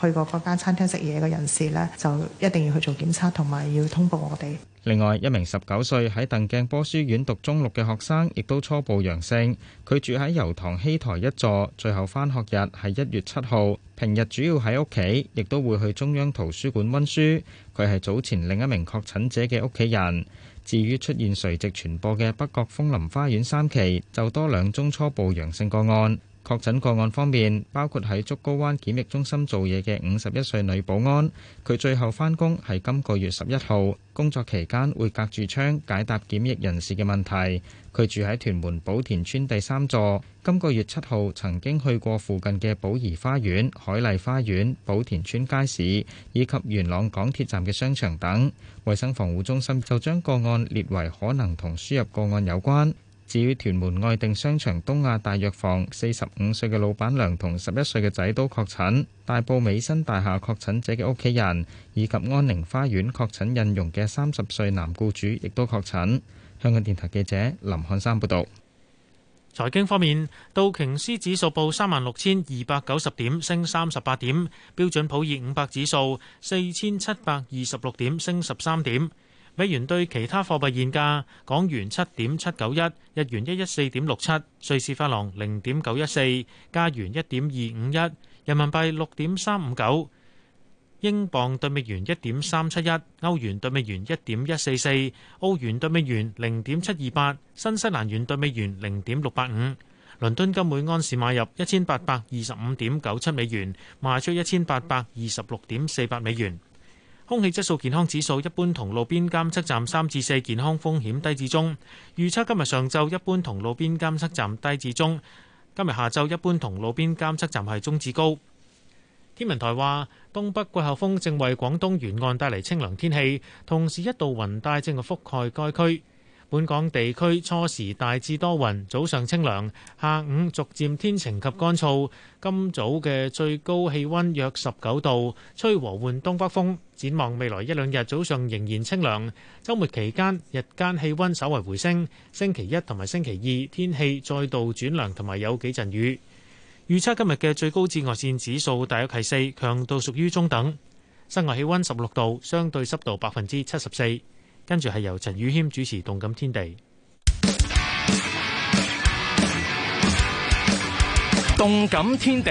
誒去過嗰間餐廳食嘢嘅人士呢，就一定要去做檢測，同埋要通報我哋。另外，一名十九歲喺鄧鏡波書院讀中六嘅學生，亦都初步陽性。佢住喺油塘希台一座，最後返學日係一月七號，平日主要喺屋企，亦都會去中央圖書館温書。佢係早前另一名確診者嘅屋企人。至於出現垂直傳播嘅北角楓林花園三期，就多兩宗初步陽性個案。確診個案方面，包括喺竹篙灣檢疫中心做嘢嘅五十一歲女保安，佢最後返工係今個月十一號，工作期間會隔住窗解答檢疫人士嘅問題。佢住喺屯門寶田村第三座，今個月七號曾經去過附近嘅寶怡花園、海麗花園、寶田村街市以及元朗港鐵站嘅商場等。衛生防護中心就將個案列為可能同輸入個案有關。至於屯門愛定商場、東亞大藥房，四十五歲嘅老闆娘同十一歲嘅仔都確診；大埔美新大廈確診者嘅屋企人，以及安寧花園確診印傭嘅三十歲男僱主，亦都確診。香港電台記者林漢山報道。財經方面，道瓊斯指數報三萬六千二百九十點，升三十八點；標準普爾五百指數四千七百二十六點，升十三點。美元兌其他貨幣現價：港元七點七九一，日元一一四點六七，瑞士法郎零點九一四，加元一點二五一，人民幣六點三五九，英鎊對美元一點三七一，歐元對美元一點一四四，澳元對美元零點七二八，新西蘭元對美元零點六八五。倫敦金每安士買入一千八百二十五點九七美元，賣出一千八百二十六點四八美元。空氣質素健康指數一般同路邊監測站三至四，健康風險低至中。預測今日上晝一般同路邊監測站低至中，今日下晝一般同路邊監測站係中至高。天文台話，東北季候風正為廣東沿岸帶嚟清涼天氣，同時一度雲帶正係覆蓋該區。本港地區初時大致多雲，早上清涼，下午逐漸天晴及乾燥。今早嘅最高氣溫約十九度，吹和緩東北風。展望未來一兩日，早上仍然清涼。周末期間，日間氣溫稍為回升。星期一同埋星期二天氣再度轉涼，同埋有幾陣雨。預測今日嘅最高紫外線指數大約係四，強度屬於中等。室外氣溫十六度，相對濕度百分之七十四。跟住係由陳宇謙主持《動感天地》，《動感天地》。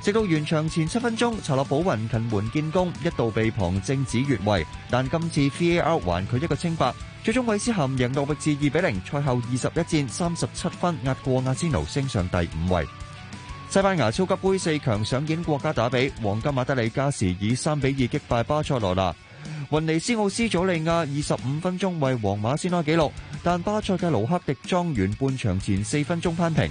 直到完場前七分鐘，查洛保雲近門建功，一度被旁正指越位，但今次 VAR 還佢一個清白。最終韋斯罕贏到域至二比零，賽後二十一戰三十七分，壓過阿仙奴升上第五位。西班牙超級杯四強上演國家打比，皇家馬德里加時以三比二擊敗巴塞羅那。雲尼斯奧斯祖利亞二十五分鐘為皇馬先開紀錄，但巴塞嘅魯克迪莊園半場前四分鐘翻平。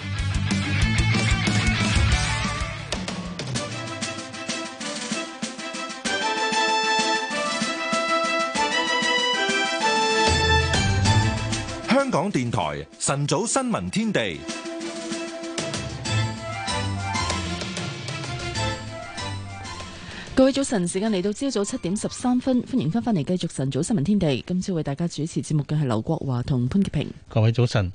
港電台晨早新聞天地，各位早晨，時間嚟到朝早七點十三分，歡迎翻返嚟繼續晨早新聞天地。今朝為大家主持節目嘅係劉國華同潘潔平。各位早晨，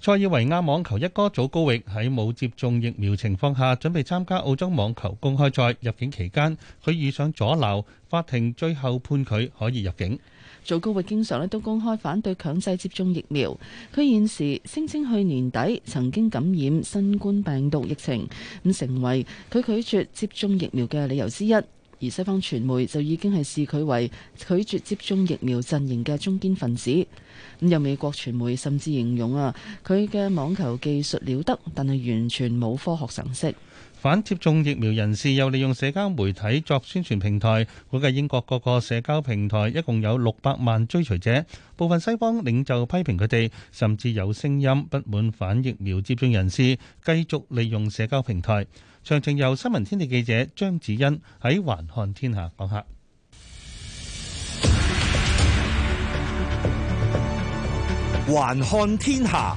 塞爾維亞網球一哥祖高域喺冇接種疫苗情況下，準備參加澳洲網球公開賽入境期間，佢遇上阻撓，法庭最後判佢可以入境。做高域經常呢都公開反對強制接種疫苗。佢現時聲稱去年底曾經感染新冠病毒疫情，咁成為佢拒絕接種疫苗嘅理由之一。而西方傳媒就已經係視佢為拒絕接種疫苗陣營嘅中堅分子。咁有美國傳媒甚至形容啊，佢嘅網球技術了得，但係完全冇科學常識。反接種疫苗人士又利用社交媒體作宣傳平台，估計英國各個社交平台一共有六百萬追隨者。部分西方領袖批評佢哋，甚至有聲音不滿反疫苗接種人士繼續利用社交平台。詳情由新聞天地記者張子欣喺《環看天下》講下。環看天下。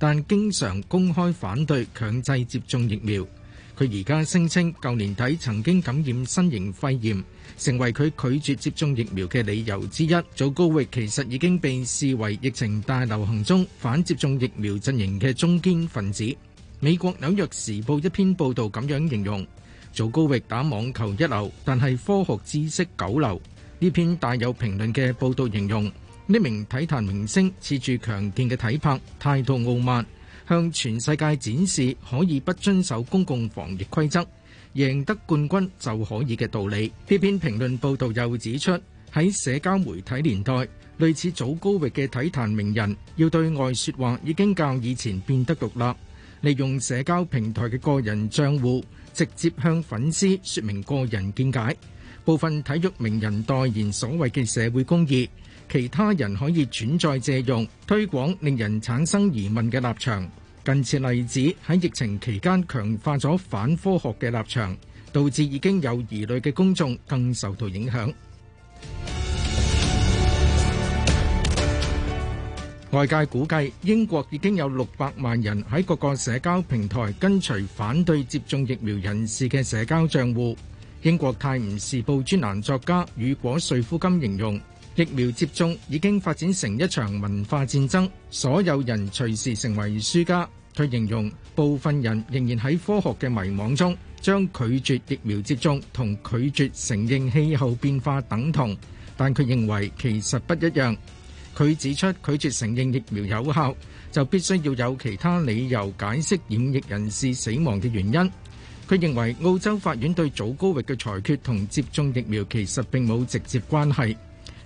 但經常公開反對強制接種疫苗。佢而家聲稱舊年底曾經感染新型肺炎，成為佢拒絕接種疫苗嘅理由之一。祖高域其實已經被視為疫情大流行中反接種疫苗陣營嘅中堅分子。美國《紐約時報》一篇報導咁樣形容：祖高域打網球一流，但係科學知識九流。呢篇帶有評論嘅報導形容。呢名體壇明星恃住強健嘅體魄，態度傲慢，向全世界展示可以不遵守公共防疫規則，贏得冠軍就可以嘅道理。呢篇評論報道又指出，喺社交媒體年代，類似早高域嘅體壇名人，要對外說話已經較以前變得獨立，利用社交平台嘅個人賬戶，直接向粉絲說明個人見解，部分體育名人代言所謂嘅社會公義，其他人可以轉載、借用、推廣，令人產生疑問嘅立場，近次例子喺疫情期間強化咗反科學嘅立場，導致已經有疑慮嘅公眾更受到影響。 外界估計英國已經有六百萬人喺各個社交平台跟隨反對接種疫苗人士嘅社交賬戶。英國泰晤士報專欄作家雨果瑞夫金形容。疫苗接種已經發展成一場文化戰爭，所有人隨時成為輸家。佢形容部分人仍然喺科學嘅迷惘中，將拒絕疫苗接種同拒絕承認氣候變化等同，但佢認為其實不一樣。佢指出，拒絕承認疫苗有效就必須要有其他理由解釋染疫人士死亡嘅原因。佢認為澳洲法院對早高域嘅裁決同接種疫苗其實並冇直接關係。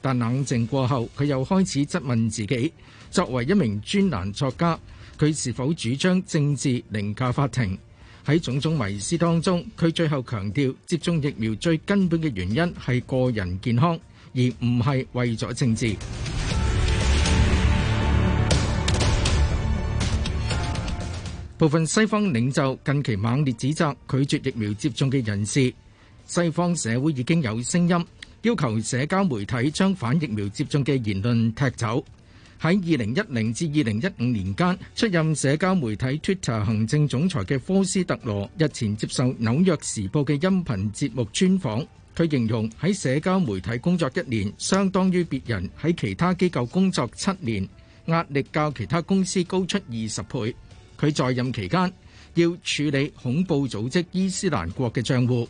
但冷靜過後，佢又開始質問自己：作為一名專欄作家，佢是否主張政治凌駕法庭？喺種種迷思當中，佢最後強調，接種疫苗最根本嘅原因係個人健康，而唔係為咗政治。部分西方領袖近期猛烈指責拒絕疫苗接種嘅人士，西方社會已經有聲音，要求社交媒體將反疫苗接種嘅言論踢走。喺二零一零至二零一五年間，出任社交媒體 Twitter 行政總裁嘅科斯特羅日前接受紐約時報嘅音頻節目專訪，佢形容喺社交媒體工作一年，相當於別人喺其他機構工作七年，壓力較其他公司高出二十倍。佢在任期間要處理恐怖組織伊斯蘭國嘅帳戶，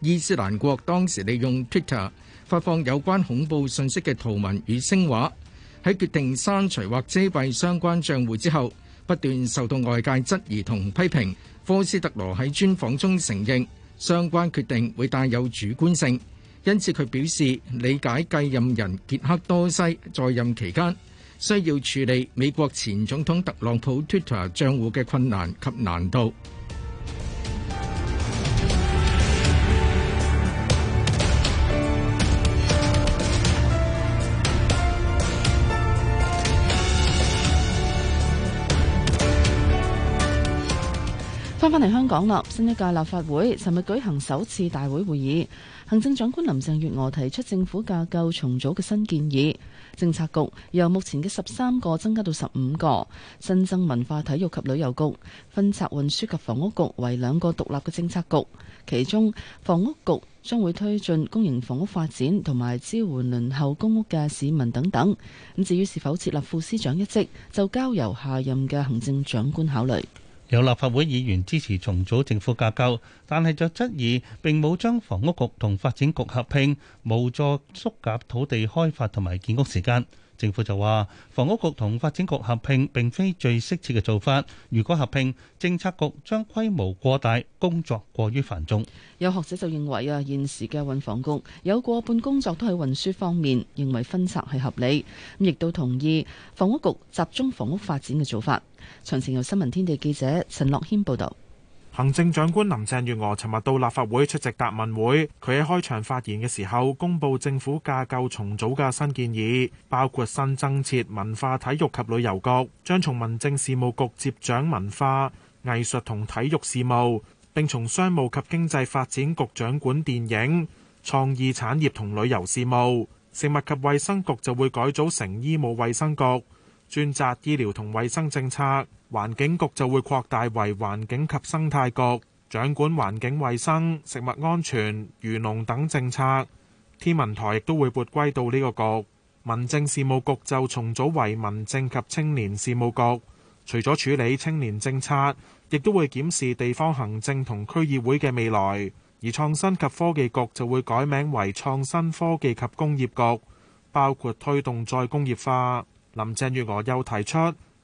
伊斯蘭國當時利用 Twitter。發放有關恐怖信息嘅圖文與聲畫，喺決定刪除或遮蔽相關賬戶之後，不斷受到外界質疑同批評。科斯特羅喺專訪中承認相關決定會帶有主觀性，因此佢表示理解繼任人傑克多西在任期間需要處理美國前總統特朗普 Twitter 賬戶嘅困難及難度。翻嚟香港啦，新一屆立法會尋日舉行首次大會會議，行政長官林鄭月娥提出政府架構重組嘅新建議，政策局由目前嘅十三個增加到十五個，新增文化體育及旅遊局，分拆運輸及房屋局為兩個獨立嘅政策局，其中房屋局將會推進公營房屋發展同埋支援輪候公屋嘅市民等等。咁至於是否設立副司長一職，就交由下任嘅行政長官考慮。有立法會議員支持重組政府架構，但係就質疑並冇將房屋局同發展局合併，無助縮減土地開發同埋建屋時間。政府就話，房屋局同發展局合併並非最適切嘅做法。如果合併，政策局將規模過大，工作過於繁重。有學者就認為啊，現時嘅運房局有過半工作都喺運輸方面，認為分拆係合理。亦都同意房屋局集中房屋發展嘅做法。詳情由新聞天地記者陳樂軒報導。行政長官林鄭月娥尋日到立法會出席答問會，佢喺開場發言嘅時候，公布政府架構重組嘅新建議，包括新增設文化、體育及旅遊局，將從民政事務局接掌文化、藝術同體育事務，並從商務及經濟發展局掌管電影、創意產業同旅遊事務。食物及衛生局就會改組成醫務衛生局，專責醫療同衛生政策。環境局就會擴大為環境及生態局，掌管環境衛生、食物安全、漁農等政策。天文台亦都會撥歸到呢個局。民政事務局就重組為民政及青年事務局，除咗處理青年政策，亦都會檢視地方行政同區議會嘅未來。而創新及科技局就會改名為創新科技及工業局，包括推動再工業化。林鄭月娥又提出，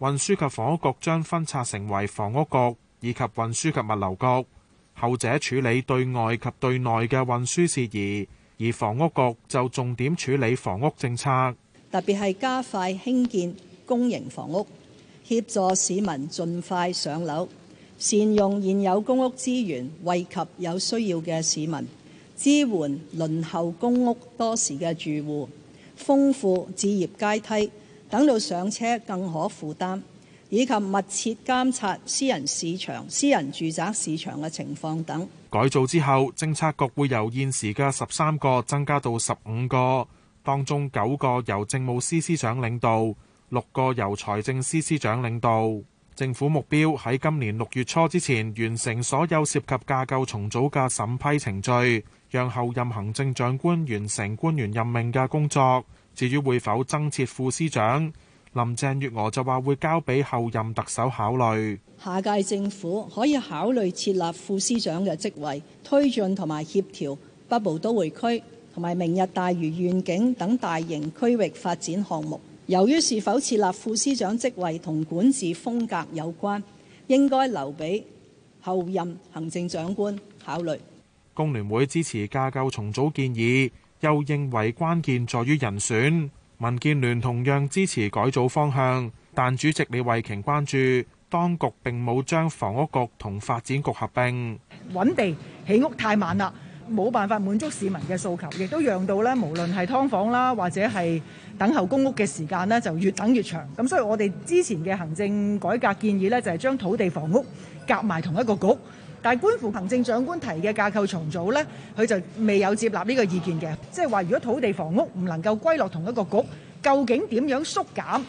運輸及房屋局將分拆成為房屋局，以及運輸及物流局，後者處理對外及對內嘅運輸事宜，而房屋局就重點處理房屋政策，特別係加快興建公營房屋，協助市民盡快上樓，善用現有公屋資源，惠及有需要嘅市民，支援輪候公屋多時嘅住戶，豐富置業階梯。等到上車更可負擔，以及密切監察私人市場、私人住宅市場嘅情況等。改組之後，政策局會由現時嘅十三個增加到十五個，當中九個由政務司司長領導，六個由財政司司長領導。政府目標喺今年六月初之前完成所有涉及架構重組嘅審批程序，讓後任行政長官完成官員任命嘅工作。至於會否增設副司長，林鄭月娥就話會交俾後任特首考慮。下屆政府可以考慮設立副司長嘅職位，推進同埋協調北部都會區同埋明日大嶼願景等大型區域發展項目。由於是否設立副司長職位同管治風格有關，應該留俾後任行政長官考慮。工聯會支持架構重組建議。又認為關鍵在於人選，民建聯同樣支持改組方向，但主席李慧瓊關注當局並冇將房屋局同發展局合併，揾地起屋太慢啦，冇辦法滿足市民嘅訴求，亦都讓到呢無論係劏房啦或者係等候公屋嘅時間呢就越等越長。咁所以我哋之前嘅行政改革建議呢就係將土地房屋夾埋同一個局。但係官府行政長官提嘅架構重組呢，佢就未有接納呢個意見嘅，即係話如果土地房屋唔能夠歸落同一個局，究竟點樣縮減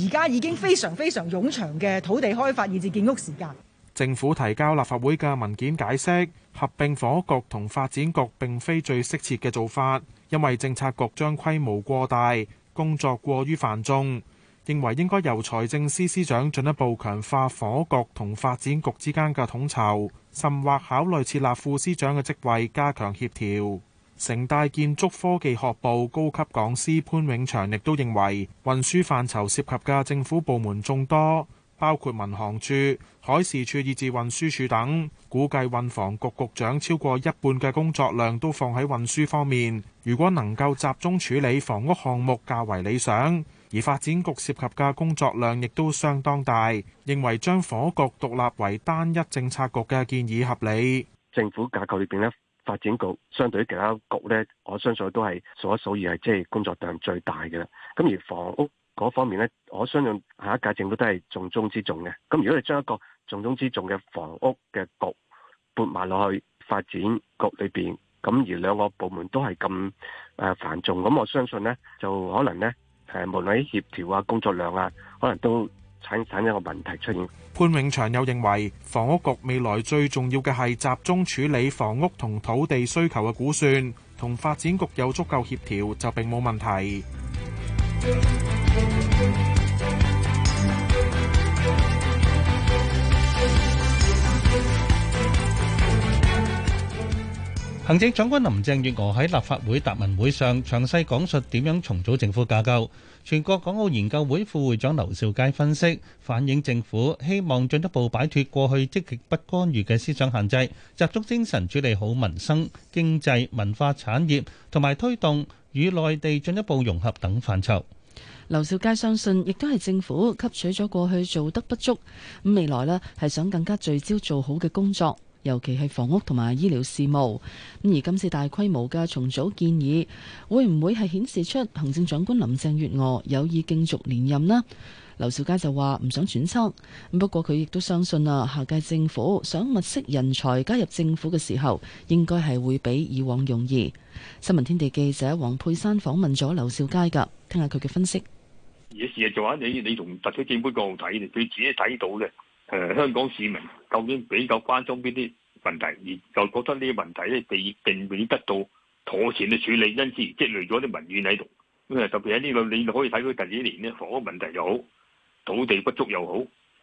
而家已經非常非常冗長嘅土地開發以至建屋時間？政府提交立法會嘅文件解釋，合併房屋局同發展局並非最適切嘅做法，因為政策局將規模過大，工作過於繁重。認為應該由財政司司長進一步強化火局同發展局之間嘅統籌，甚或考慮設立副司長嘅職位，加強協調。城大建築科技學部高級講師潘永祥亦都認為，運輸範疇涉及嘅政府部門眾多。包括民航處、海事處、以至運輸處等，估計運房局局長超過一半嘅工作量都放喺運輸方面。如果能夠集中處理房屋項目，較為理想。而發展局涉及嘅工作量亦都相當大，認為將房屋局獨立為單一政策局嘅建議合理。政府架構裏邊咧，發展局相對於其他局咧，我相信都係數一數二係即係工作量最大嘅啦。咁而房屋。嗰方面咧，我相信下一屆政府都係重中之重嘅。咁如果你將一個重中之重嘅房屋嘅局撥埋落去發展局裏邊，咁而兩個部門都係咁誒，繁重，咁我相信咧就可能咧誒無論協調啊工作量啊，可能都產產生一個問題出現。潘永祥又認為，房屋局未來最重要嘅係集中處理房屋同土地需求嘅估算，同發展局有足夠協調就並冇問題。行政長官林鄭月娥喺立法會答問會上詳細講述點樣重組政府架構。全國港澳研究會副會長劉兆佳分析，反映政府希望進一步擺脫過去積極不干預嘅思想限制，集中精神處理好民生、經濟、文化產業，同埋推動。與內地進一步融合等範疇，劉兆佳相信亦都係政府吸取咗過去做得不足，咁未來呢係想更加聚焦做好嘅工作，尤其係房屋同埋醫療事務。咁而今次大規模嘅重組建議，會唔會係顯示出行政長官林鄭月娥有意競逐連任呢？劉少佳就話唔想揣測，不過佢亦都相信啊，下屆政府想物色人才加入政府嘅時候，應該係會比以往容易。新聞天地記者黃佩珊訪問咗劉少佳噶，聽下佢嘅分析。而事實嘅話，你你從特區政府角度睇嚟，佢自己睇到嘅，誒、呃、香港市民究竟比較關注邊啲問題，而就覺得呢啲問題咧並並未得到妥善嘅處理，因此積累咗啲民怨喺度。咁啊，特別喺呢度，你可以睇到近幾年咧房屋問題又好。土地不足又好，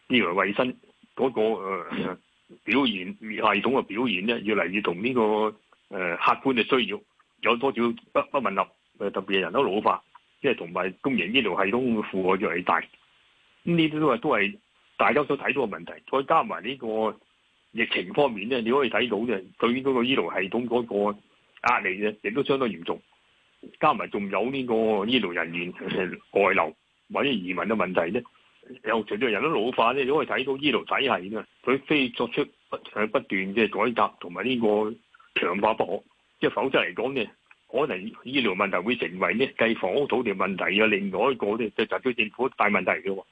醫療衞生嗰個誒表現系統嘅表現咧，越嚟越同呢個誒客觀嘅需要有多少不不吻合誒，特別係人都老化，即係同埋公營醫療系統嘅負荷越嚟越大，呢啲都係都係大家都睇到嘅問題。再加埋呢個疫情方面咧，你可以睇到嘅對於嗰個醫療系統嗰個壓力咧，亦都相當嚴重。加埋仲有呢個醫療人員外流或者移民嘅問題咧。有隨住人都老化咧，你可以睇到醫療體系咧，佢非作出不不斷嘅改革同埋呢個強化不可。即係否則嚟講呢，可能醫療問題會成為呢，繼房屋土地問題啊，另外一個咧，對特區政府大問題嘅喎。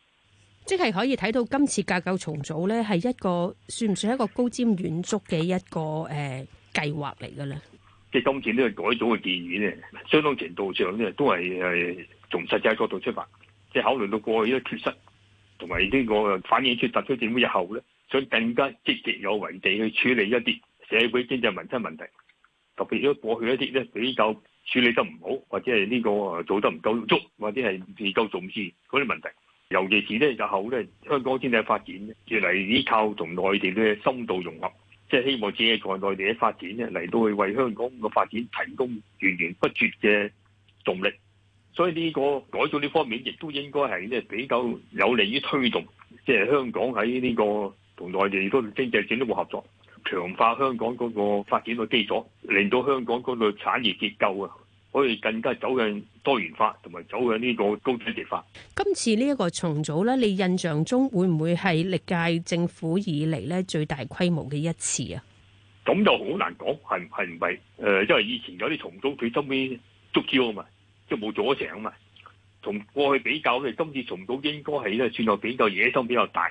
即係可以睇到今次架構重組咧，係一個算唔算一個高瞻遠矚嘅一個誒、呃、計劃嚟㗎啦。即係今次呢個改組嘅建議呢，相當程度上呢，都係係從實際角度出發，即係考慮到過去咧缺失。同埋呢個反映出特區政府日後咧，想更加積極有為地去處理一啲社會經濟民生問題，特別如果過去一啲咧比較處理得唔好，或者係呢個做得唔夠足，或者係未夠重視嗰啲問題。尤其是咧日後咧，香港經濟發展越嚟依靠同內地嘅深度融合，即係希望借助在內地嘅發展咧嚟到去為香港嘅發展提供源源不絕嘅動力。所以呢個改造呢方面，亦都應該係咧比較有利於推動，即係香港喺呢個同內地多經濟轉都個合作，強化香港嗰個發展嘅基礎，令到香港嗰個產業結構啊可以更加走向多元化，同埋走向呢個高質地化。今次呢一個重組咧，你印象中會唔會係歷屆政府以嚟咧最大規模嘅一次啊？咁就好難講，係係唔係？誒、呃，因為以前有啲重組佢收尾捉焦啊嘛。即冇阻成啊嘛，從過去比較咧，今次重組應該係咧算係比較野心比較大。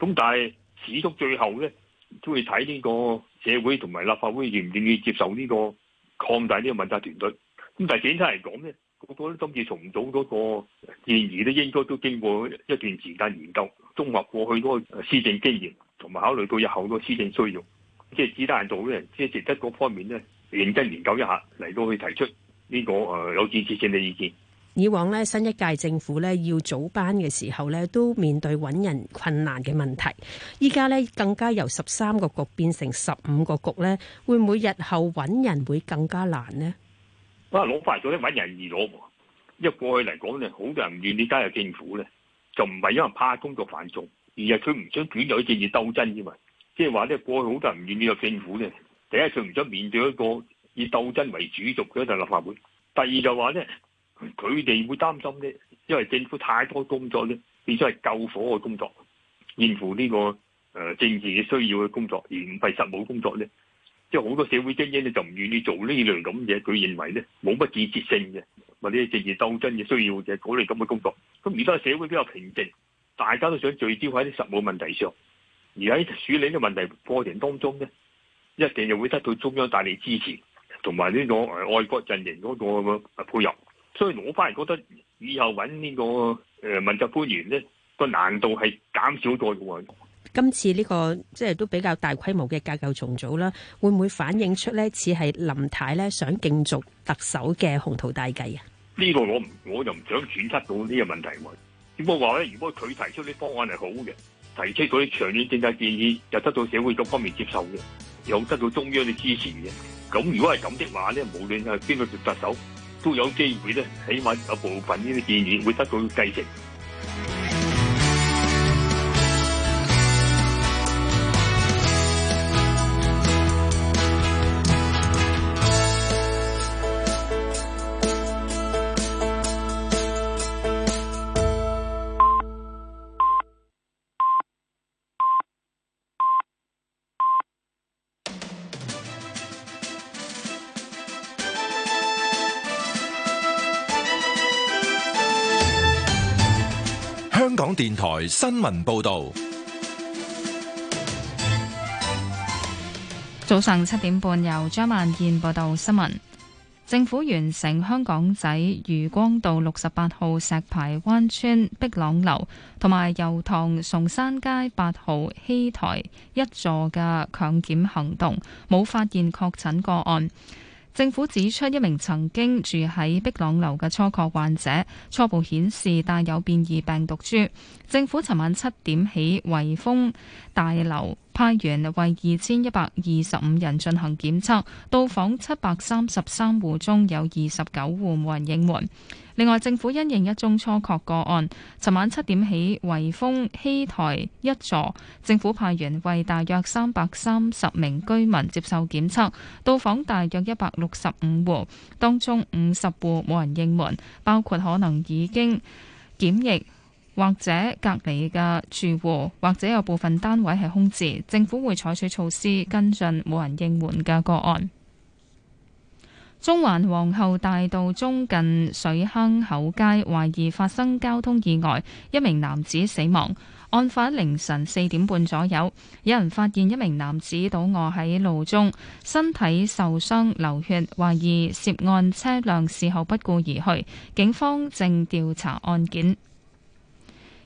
咁但係始終最後咧，都會睇呢個社會同埋立法會願唔願意接受呢個擴大呢個問責團隊。咁但係整體嚟講咧，我覺得今次重組嗰個建議咧，應該都經過一段時間研究，綜合過去嗰個施政經驗，同埋考慮到以後個施政需要，即係只得人做咧，即係值得嗰方面咧，認真研究一下嚟到去提出。呢、這個誒有建設性嘅意見。呃、以往咧，新一屆政府咧要組班嘅時候咧，都面對揾人困難嘅問題。依家咧更加由十三個局變成十五個局咧，會唔會日後揾人會更加難咧？啊，攞快咗咧，揾人易攞喎。因為過去嚟講咧，好多人唔願意加入政府咧，就唔係因為怕工作繁重，而係佢唔想捲入政治鬥爭啫嘛。即係話咧，過去好多人唔願意入政府咧，第一佢唔想面對一個。以鬥爭為主軸嘅就立法會。第二就話咧，佢哋會擔心咧，因為政府太多工作咧，變咗係救火嘅工作，應付呢個誒、呃、政治嘅需要嘅工作，而唔係實務工作咧。即係好多社會精英咧就唔願意做呢類咁嘢。佢認為咧冇乜建設性嘅，或者政治鬥爭嘅需要嘅嗰類咁嘅工作。咁而家社會比較平靜，大家都想聚焦喺啲實務問題上。而喺處理呢個問題過程當中咧，一定就會得到中央大力支持。同埋呢個愛國陣營嗰個配合，所以我反而覺得以後揾呢個誒問責官員咧，個難度係減少咗嘅喎。今次呢個即係都比較大規模嘅架構重組啦，會唔會反映出咧似係林太咧想競逐特首嘅宏圖大計啊？呢個我唔，我又唔想揣測到呢個問題喎。只不過話咧，如果佢提出啲方案係好嘅，提出嗰啲長遠政策建議，就得到社會各方面接受嘅，又得到中央嘅支持嘅。咁如果係咁的話咧，無論係邊個做特首，都有機會咧，起碼有部分呢啲建議會得到佢繼承。台新聞報道，早上七點半由張萬燕報道新聞。政府完成香港仔漁光道六十八號石排灣村碧朗樓同埋油塘松山街八號希台一座嘅強檢行動，冇發現確診個案。政府指出，一名曾經住喺碧朗樓嘅初確患者，初步顯示帶有變異病毒株。政府尋晚七點起，圍封大樓，派員為二千一百二十五人進行檢測。到訪七百三十三戶中，有二十九戶冇人應門。另外，政府因應一宗初確個案，尋晚七點起，維風希台一座，政府派員為大約三百三十名居民接受檢測，到訪大約一百六十五戶，當中五十戶冇人應門，包括可能已經檢疫或者隔離嘅住戶，或者有部分單位係空置，政府會採取措施跟進冇人應門嘅個案。中環皇后大道中近水坑口街，懷疑發生交通意外，一名男子死亡。案發凌晨四點半左右，有人發現一名男子倒卧喺路中，身體受傷流血，懷疑涉案車輛事後不顧而去。警方正調查案件。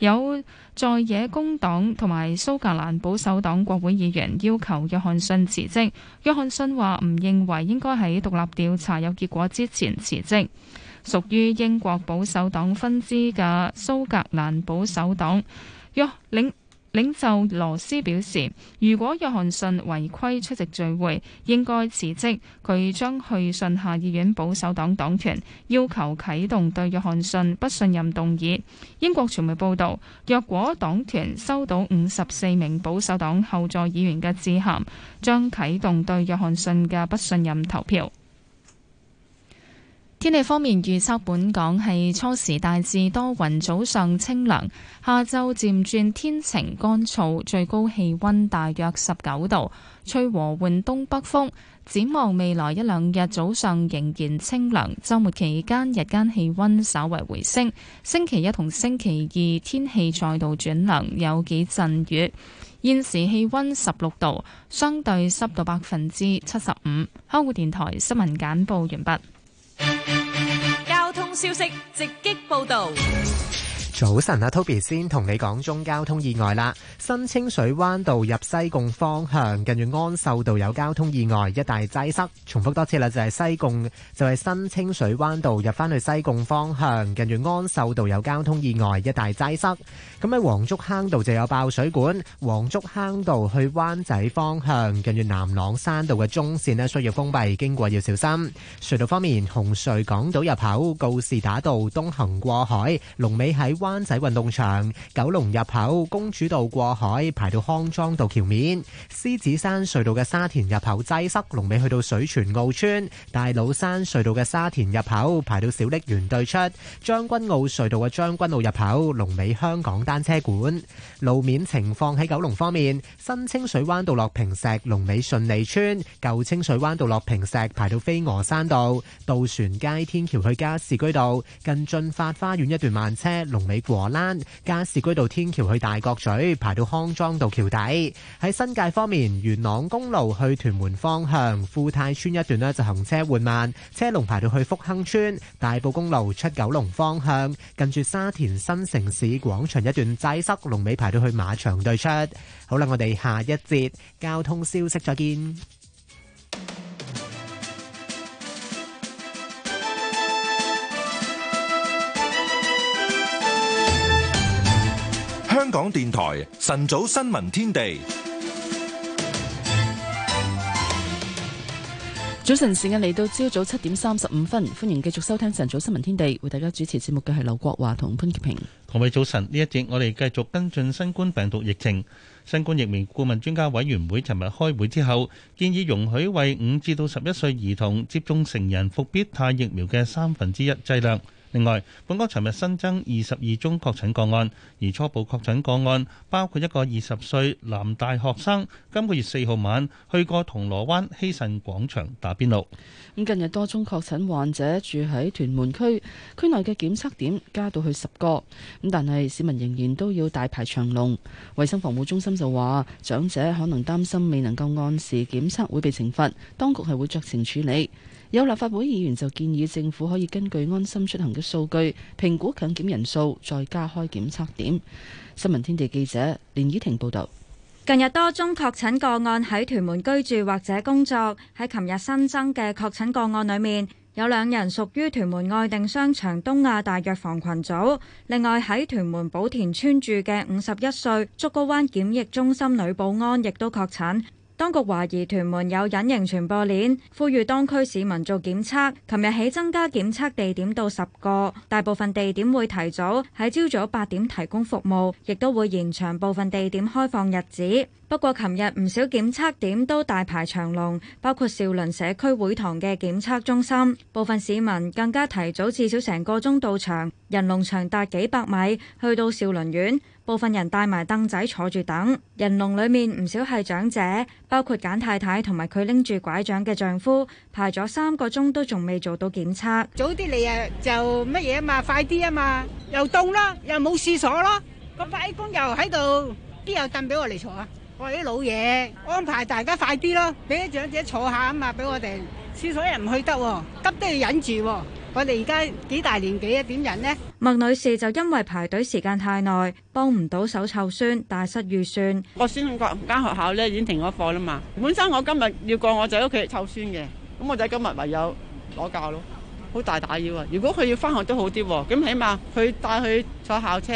有在野工黨同埋蘇格蘭保守黨國會議員要求約翰遜辭職。約翰遜話唔認為應該喺獨立調查有結果之前辭職。屬於英國保守黨分支嘅蘇格蘭保守黨。約領。領袖羅斯表示，如果約翰遜違規出席聚會，應該辭職。佢將去信下議院保守黨黨團，要求啟動對約翰遜不信任動議。英國傳媒報道，若果黨團收到五十四名保守黨後座議員嘅致函，將啟動對約翰遜嘅不信任投票。天氣方面，預測本港係初時大致多雲，早上清涼，下晝漸轉天晴乾燥，最高氣溫大約十九度，吹和緩東北風。展望未來一兩日，早上仍然清涼，周末期間日間氣溫稍為回升，星期一同星期二天氣再度轉涼，有幾陣雨。現時氣溫十六度，相對濕度百分之七十五。香港電台新聞簡報完畢。交通消息直擊報道。早晨啊，Toby 先同你講中交通意外啦。新清水灣道入西貢方向，近住安秀道有交通意外，一帶擠塞。重複多次啦，就係西貢，就係新清水灣道入返去西貢方向，近住安秀道有交通意外，一帶擠塞。咁喺黃竹坑道就有爆水管，黃竹坑道去灣仔方向，近住南朗山道嘅中線咧需要封閉，經過要小心。隧道方面，紅隧港島入口告士打道東行過海，龍尾喺灣仔運動場；九龍入口公主道過海，排到康莊道橋面；獅子山隧道嘅沙田入口擠塞，龍尾去到水泉澳村；大老山隧道嘅沙田入口排到小瀝源對出；將軍澳隧道嘅將軍澳入口龍尾香港單車館路面情況喺九龍方面，新清水灣道落坪石龍尾順利村，舊清水灣道落坪石排到飛鵝山道，渡船街天橋去加士居道近駿發花園一段慢車龍尾果欄，加士居道天橋去大角咀排到康莊道橋底。喺新界方面，元朗公路去屯門方向富泰村一段呢就行車緩慢，車龍排到去福亨村，大埔公路出九龍方向近住沙田新城市廣場一段全擠塞，龍尾排到去馬場對出。好啦，我哋下一節交通消息再見。香港電台晨早新聞天地。早晨，時間嚟到朝早七點三十五分，歡迎繼續收聽晨早新聞天地，為大家主持節目嘅係劉國華同潘潔平。各位早晨，呢一節我哋繼續跟進新冠病毒疫情。新冠疫苗顧問專家委員會尋日開會之後，建議容許為五至到十一歲兒童接種成人復必泰疫苗嘅三分之一劑量。另外，本港尋日新增二十二宗確診個案，而初步確診個案包括一個二十歲男大學生，今個月四號晚去過銅鑼灣希慎廣場打邊爐。咁近日多宗確診患者住喺屯門區，區內嘅檢測點加到去十個，咁但係市民仍然都要大排長龍。衞生防護中心就話，長者可能擔心未能夠按時檢測會被懲罰，當局係會酌情處理。有立法會議員就建議政府可以根據安心出行嘅數據評估強檢人數，再加開檢測點。新聞天地記者連依婷報道：「近日多宗確診個案喺屯門居住或者工作，喺琴日新增嘅確診個案裏面，有兩人屬於屯門愛定商場東亞大藥房群組。另外喺屯門寶田村住嘅五十一歲竹篙灣檢疫中心女保安亦都確診。當局懷疑屯門有隱形傳播鏈，呼籲當區市民做檢測。琴日起增加檢測地點到十個，大部分地點會提早喺朝早八點提供服務，亦都會延長部分地點開放日子。不過，琴日唔少檢測點都大排長龍，包括兆麟社區會堂嘅檢測中心，部分市民更加提早至少成個鐘到場，人龍長達幾百米，去到兆麟苑。部分人帶埋凳仔坐住等，人龍裏面唔少係長者，包括簡太太同埋佢拎住拐杖嘅丈夫，排咗三個鐘都仲未做到檢測。早啲嚟啊，就乜嘢啊嘛，快啲啊嘛，又凍啦、啊，又冇廁所啦、啊，個快公又喺度，邊有凳俾我嚟坐啊？我哋啲老嘢安排大家快啲咯，俾啲長者坐下啊嘛，俾我哋廁所又唔去得喎，急都要忍住喎、啊。我哋而家幾大年紀啊？點忍呢？麥女士就因為排隊時間太耐，幫唔到手湊孫，大失預算。我孫嗰間學校咧已經停咗課啦嘛。本身我今日要過我仔屋企湊孫嘅，咁我仔今日唯有攞教咯，好大打擾啊！如果佢要翻學都好啲，咁起碼佢帶佢坐校車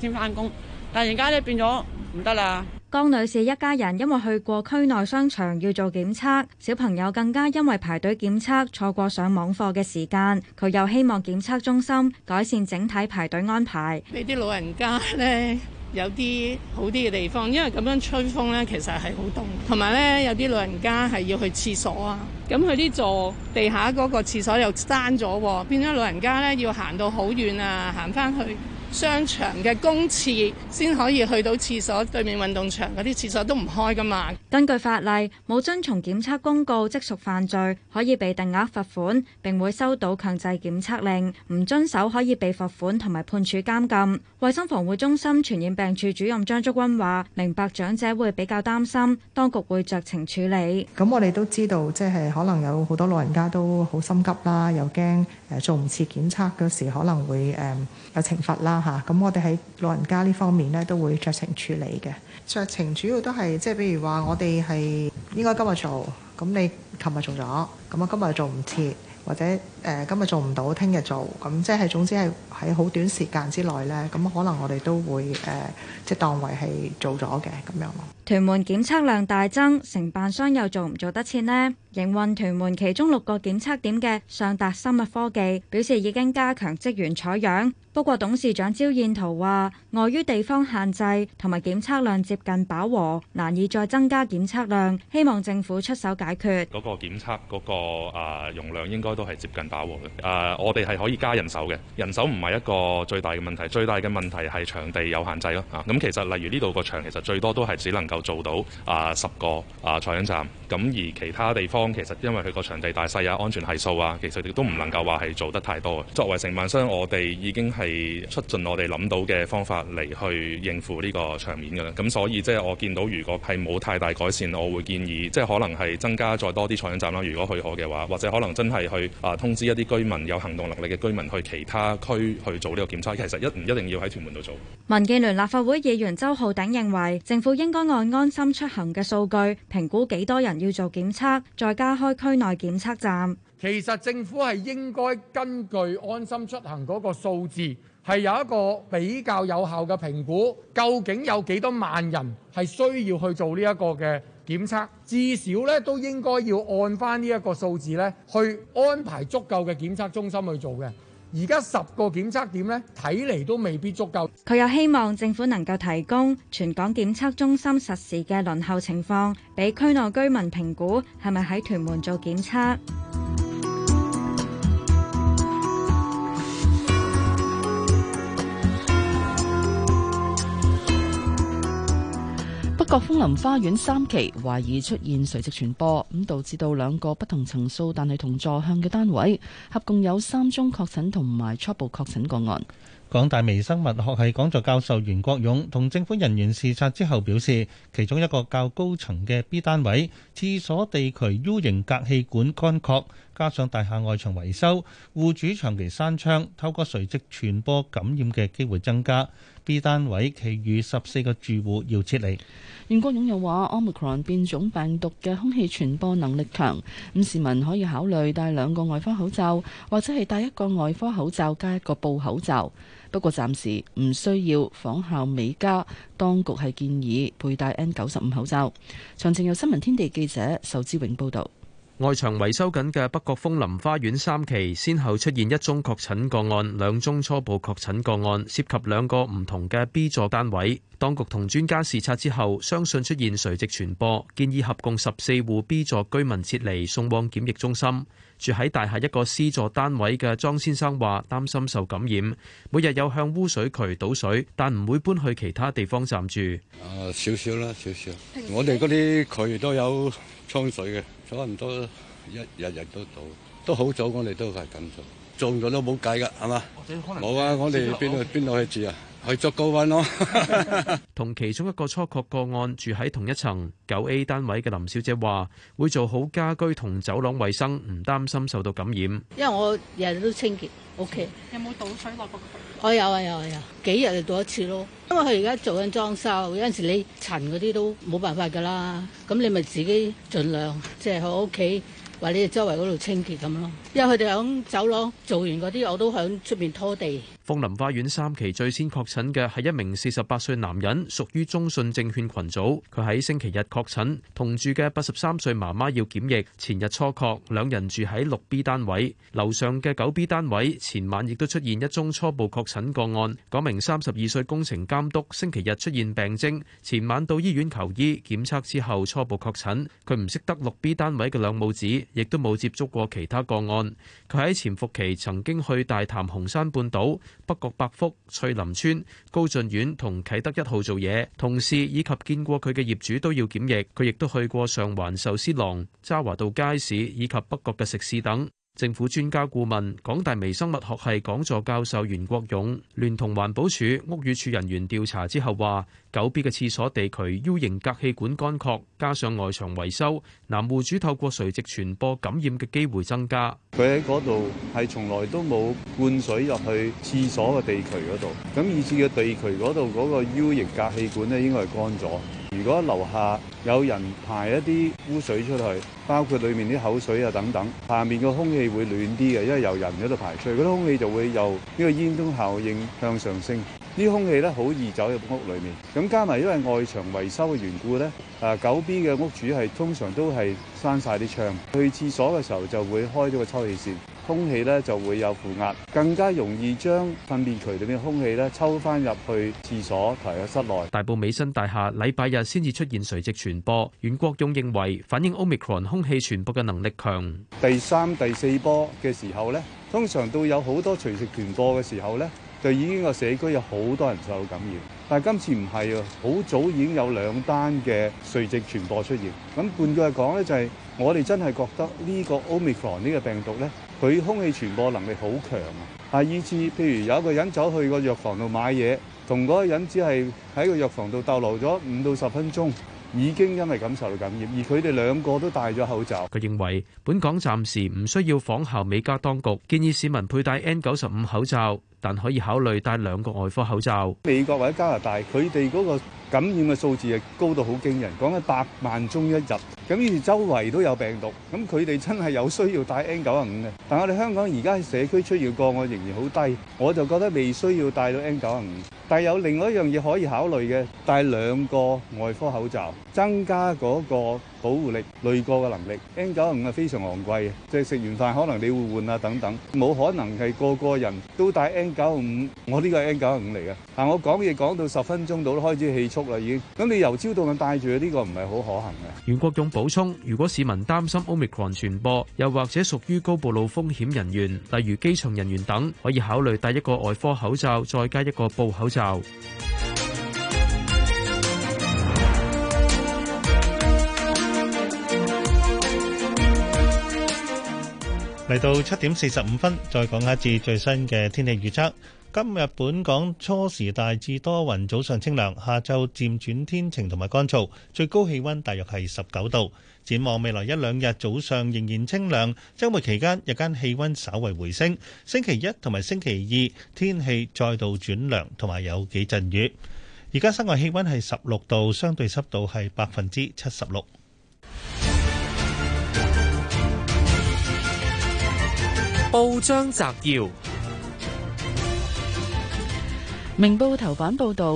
先翻工。但係而家咧變咗唔得啦。江女士一家人因為去過區內商場要做檢測，小朋友更加因為排隊檢測錯過上網課嘅時間。佢又希望檢測中心改善整體排隊安排。俾啲老人家咧有啲好啲嘅地方，因為咁樣吹風咧其實係好凍，同埋咧有啲老人家係要去廁所啊。咁佢啲座地下嗰個廁所又閂咗喎，變咗老人家咧要行到好遠啊，行翻去，商場嘅公廁先可以去到廁所，對面運動場嗰啲廁所都唔開㗎嘛。根據法例，冇遵從檢測公告即屬犯罪，可以被定額罰款，並會收到強制檢測令。唔遵守可以被罰款同埋判處監禁。衞生防護中心傳染病處主任張竹君話：明白長者會比較擔心，當局會酌情處理。咁我哋都知道，即係可能有好多老人家都好心急啦，又驚。做唔切檢測嗰時可能會誒、嗯、有懲罰啦嚇，咁、啊、我哋喺老人家呢方面咧都會酌情處理嘅。酌情主要都係即係，譬如話我哋係應該今日做，咁你琴日做咗，咁啊今日做唔切或者。誒今日做唔到，聽日做，咁即係總之係喺好短時間之內呢咁可能我哋都會誒即係當為係做咗嘅咁樣咯。屯門檢測量大增，承辦商又做唔做得切呢？營運屯門其中六個檢測點嘅尚達生物科技表示已經加強職員採樣，不過董事長焦燕桃話：礙於地方限制同埋檢測量接近飽和，難以再增加檢測量，希望政府出手解決。嗰個檢測嗰個啊容量應該都係接近。打、啊、我哋係可以加人手嘅，人手唔係一個最大嘅問題，最大嘅問題係場地有限制咯。啊，咁其實例如呢度個場，其實最多都係只能夠做到啊十個啊採樣站。咁而其他地方其實因為佢個場地大細啊、安全係數啊，其實亦都唔能夠話係做得太多。作為承辦商，我哋已經係出盡我哋諗到嘅方法嚟去應付呢個場面㗎啦。咁所以即係我見到，如果係冇太大改善，我會建議即係可能係增加再多啲採樣站啦。如果許可嘅話，或者可能真係去啊通知一啲居民有行動能力嘅居民去其他區去做呢個檢測。其實一唔一定要喺屯門度做。民建聯立法會議員周浩鼎認為，政府應該按安心出行嘅數據評估幾多人，要做檢測，再加開區內檢測站。其實政府係應該根據安心出行嗰個數字，係有一個比較有效嘅評估，究竟有幾多萬人係需要去做呢一個嘅檢測。至少咧，都應該要按翻呢一個數字咧，去安排足夠嘅檢測中心去做嘅。而家十個檢測點呢，睇嚟都未必足夠。佢又希望政府能夠提供全港檢測中心實時嘅輪候情況，俾區內居民評估係咪喺屯門做檢測。國風林花園三期懷疑出現垂直傳播，咁導致到兩個不同層數但係同座向嘅單位，合共有三宗確診同埋初步確診個案。港大微生物學系講座教授袁國勇同政府人員視察之後表示，其中一個較高層嘅 B 單位廁所地區 U 型隔氣管乾涸。加上大廈外牆維修，戶主長期閂窗，透過垂直傳播感染嘅機會增加。B 單位其餘十四個住戶要撤離。袁國勇又話，Omicron 變種病毒嘅空氣傳播能力強，咁、嗯、市民可以考慮戴兩個外科口罩，或者係戴一個外科口罩加一個布口罩。不過暫時唔需要仿效美加，當局係建議佩戴 N 九十五口罩。詳情由新聞天地記者仇志榮報道。外牆維修緊嘅北角楓林花園三期先後出現一宗確診個案，兩宗初步確診個案，涉及兩個唔同嘅 B 座單位。當局同專家視察之後，相信出現垂直傳播，建議合共十四戶 B 座居民撤離，送往檢疫中心。住喺大廈一個 C 座單位嘅莊先生話，擔心受感染，每日有向污水渠倒水，但唔會搬去其他地方暫住。呃，少少啦，少少。Okay. 我哋嗰啲渠都有沖水嘅。差唔多一日日都到，都好早，我哋都係咁做，做咗都冇計㗎，係嘛？冇、哦、啊，我哋邊度邊度去住啊？去捉高溫咯！同 其中一個初確個案住喺同一層九 A 單位嘅林小姐話，會做好家居同走廊衞生，唔擔心受到感染。因為我日日都清潔，OK？有冇倒水落屋？我有啊，有啊，有。幾日就倒一次咯？因為佢而家做緊裝修，有陣時你塵嗰啲都冇辦法噶啦。咁你咪自己盡量即係去屋企。話你哋周圍嗰度清潔咁咯，因為佢哋響走廊做完嗰啲，我都響出面拖地。楓林花園三期最先確診嘅係一名四十八歲男人，屬於中信證券群組。佢喺星期日確診，同住嘅八十三歲媽媽要檢疫。前日初確，兩人住喺六 B 單位，樓上嘅九 B 單位前晚亦都出現一宗初步確診個案。嗰名三十二歲工程監督星期日出現病徵，前晚到醫院求醫，檢測之後初步確診。佢唔識得六 B 單位嘅兩母子。亦都冇接觸過其他個案。佢喺潛伏期曾經去大潭紅山半島、北角百福翠林村、高俊苑同啟德一號做嘢，同事以及見過佢嘅業主都要檢疫。佢亦都去過上環壽司郎、渣華道街市以及北角嘅食肆等。政府專家顧問、港大微生物學系講座教授袁國勇，聯同環保署屋宇署人員調查之後話，久閉嘅廁所地渠 U 型隔氣管乾涸，加上外牆維修，男戶主透過垂直傳播感染嘅機會增加。佢喺嗰度係從來都冇灌水入去廁所嘅地渠嗰度，咁以至嘅地渠嗰度嗰個 U 型隔氣管咧，應該係乾咗。如果樓下有人排一啲污水出去，包括裡面啲口水啊、等等，下面個空氣會暖啲嘅，因為由人喺度排出去，嗰啲空氣就會由呢個煙囪效應向上升，呢啲空氣咧，好易走入屋裏面。咁加埋因為外牆維修嘅緣故呢，啊九 B 嘅屋主係通常都係閂晒啲窗，去廁所嘅時候就會開咗個抽氣扇。空氣咧就會有負壓，更加容易將分泌渠裏邊嘅空氣咧抽翻入去廁所同埋個室內。大埔美新大廈禮拜日先至出現垂直傳播。袁國勇認為反映 Omicron 空氣傳播嘅能力強。第三、第四波嘅時候咧，通常都有好多垂直傳播嘅時候咧，就已經個社區有好多人受感染。但係今次唔係啊，好早已經有兩單嘅垂直傳播出現。咁換句嚟講咧，就係我哋真係覺得呢個 Omicron 呢個病毒咧。佢空氣傳播能力好強啊！以致譬如有一個人走去個藥房度買嘢，同嗰個人只係喺個藥房度逗留咗五到十分鐘，已經因為感受到感染。而佢哋兩個都戴咗口罩。佢認為本港暫時唔需要仿效美加當局，建議市民佩戴 N 九十五口罩。但可以考慮戴兩個外科口罩。美國或者加拿大，佢哋嗰個感染嘅數字係高到好驚人，講緊百萬宗一日。咁於是周圍都有病毒，咁佢哋真係有需要戴 N95 嘅。但係我哋香港而家喺社區出現個案仍然好低，我就覺得未需要戴到 N95。但係有另外一樣嘢可以考慮嘅，戴兩個外科口罩，增加嗰個保護力、濾過嘅能力，N 九五係非常昂貴嘅。即係食完飯可能你會換啊等等，冇可能係個個人都戴 N 九五。我呢個係 N 九五嚟嘅，但我講嘢講到十分鐘到都開始氣促啦，已經。咁你由朝到晚戴住呢個唔係好可行嘅。袁國勇補充，如果市民擔心 Omicron 傳播，又或者屬於高暴露風險人員，例如機場人員等，可以考慮戴一個外科口罩，再加一個布口罩。嚟到七點四十五分，再講一次最新嘅天氣預測。今日本港初時大致多雲，早上清涼，下晝漸轉天晴同埋乾燥，最高氣溫大約係十九度。展望未來一兩日早上仍然清涼，周末期間日間氣溫稍為回升，星期一同埋星期二天氣再度轉涼，同埋有幾陣雨。而家室外氣溫係十六度，相對濕度係百分之七十六。報章摘要：明報頭版報道，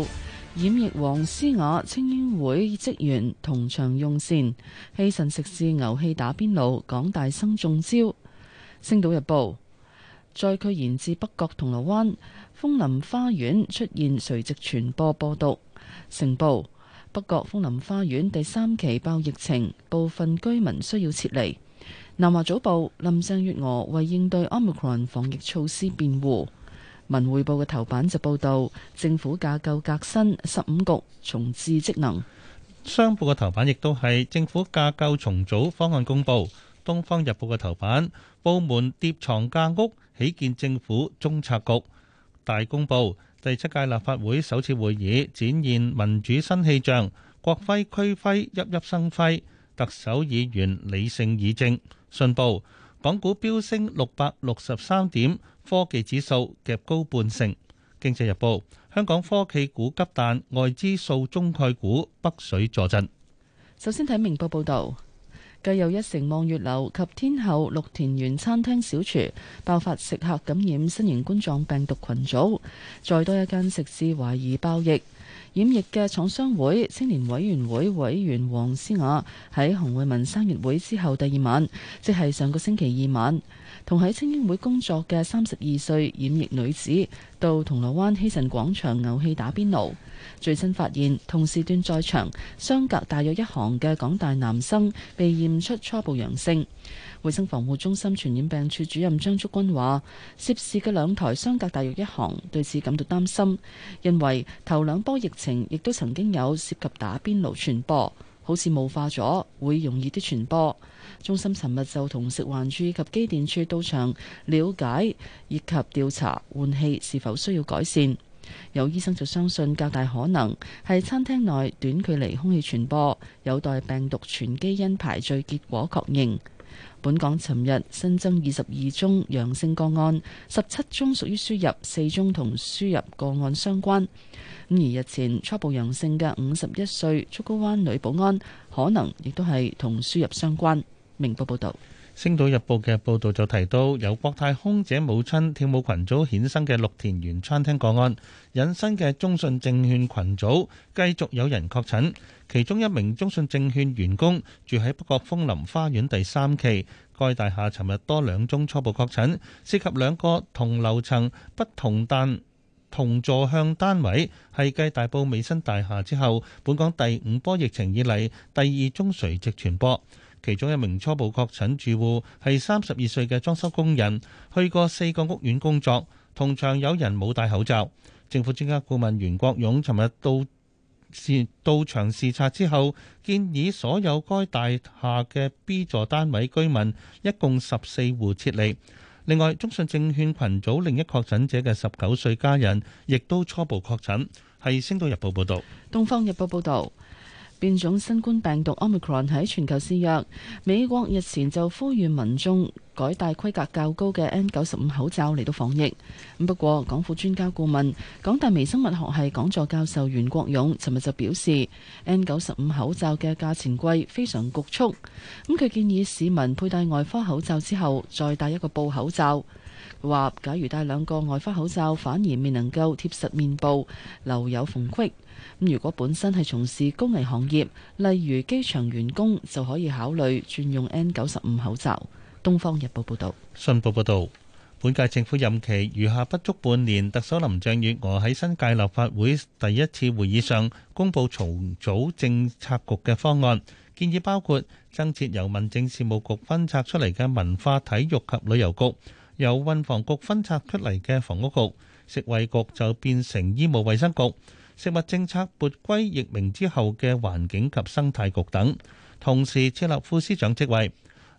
染疫黃思雅，菁英會職員同場用膳，氣神食肆牛氣打邊爐，港大生中招。星島日報，災區延至北角銅鑼灣楓林花園出現垂直傳播播毒。成報，北角楓林花園第三期爆疫情，部分居民需要撤離。南華早報，林鄭月娥為應對 Omicron 防疫措施辯護。文匯報嘅頭版就報道政府架構革新，十五局重置職能。商報嘅頭版亦都係政府架構重組方案公布。東方日報嘅頭版，部門疊床架屋，起建政府中策局。大公布，第七屆立法會首次會議展現民主新氣象，國徽區徽熠熠生輝。特首議員理性議政。信報，港股飆升六百六十三點，科技指數夾高半成。經濟日報，香港科技股急彈，外資數中概股北水助陣。首先睇明報報道，繼有一城望月樓及天后綠田園餐廳小廚爆發食客感染新型冠狀病毒群組，再多一間食肆懷疑爆疫。染疫嘅廠商會青年委員會委員黃思雅喺洪偉文生日會之後第二晚，即係上個星期二晚。同喺青英會工作嘅三十二歲染疫女子，到銅鑼灣希慎廣場牛氣打邊爐，最新發現同時段在場相隔大約一行嘅港大男生被驗出初步陽性。衛生防護中心傳染病處主任張竹君話：涉事嘅兩台相隔大約一行，對此感到擔心，因為頭兩波疫情亦都曾經有涉及打邊爐傳播，好似霧化咗，會容易啲傳播。中心尋日就同食環署及機電處到場了解以及調查換氣是否需要改善。有醫生就相信較大可能係餐廳內短距離空氣傳播，有待病毒全基因排序結果確認。本港尋日新增二十二宗陽性個案，十七宗屬於輸入，四宗同輸入個案相關。咁而日前初步陽性嘅五十一歲竹篙灣女保安，可能亦都係同輸入相關。明報報導，《星島日報》嘅報導就提到，由國泰空姐母親跳舞群組衍生嘅綠田園餐廳個案，引申嘅中信證券群組繼續有人確診。其中一名中信證券員工住喺北角楓林花園第三期，該大廈尋日多兩宗初步確診，涉及兩個同樓層不同但同座向單位，係繼大埔美新大廈之後，本港第五波疫情以嚟第二宗垂直傳播。其中一名初步確診住戶係三十二歲嘅裝修工人，去過四個屋苑工作，同場有人冇戴口罩。政府專家顧問袁國勇尋日到到場視察之後建議所有該大廈嘅 B 座單位居民，一共十四戶撤離，另外，中信證券群組另一確診者嘅十九歲家人，亦都初步確診，係星島日報報道，東方日報報道。變種新冠病毒 Omicron 喺全球肆虐，美國日前就呼籲民眾改戴規格較高嘅 N95 口罩嚟到防疫。不過，港府專家顧問、港大微生物學系講座教授袁國勇，尋日就表示，N95 口罩嘅價錢貴，非常局促。咁佢建議市民佩戴外科口罩之後，再戴一個布口罩。佢話，假如戴兩個外科口罩，反而未能夠貼實面部，留有縫隙。咁如果本身係從事高危行業，例如機場員工，就可以考慮轉用 N 九十五口罩。《東方日報》報導，《信報》報導，本屆政府任期餘下不足半年，特首林鄭月娥喺新界立法會第一次會議上，公布重組政策局嘅方案，建議包括增設由民政事務局分拆出嚟嘅文化體育及旅遊局，由運房局分拆出嚟嘅房屋局，食衛局就變成醫務衛生局。食物政策撥歸易名之後嘅環境及生態局等，同時設立副司長職位。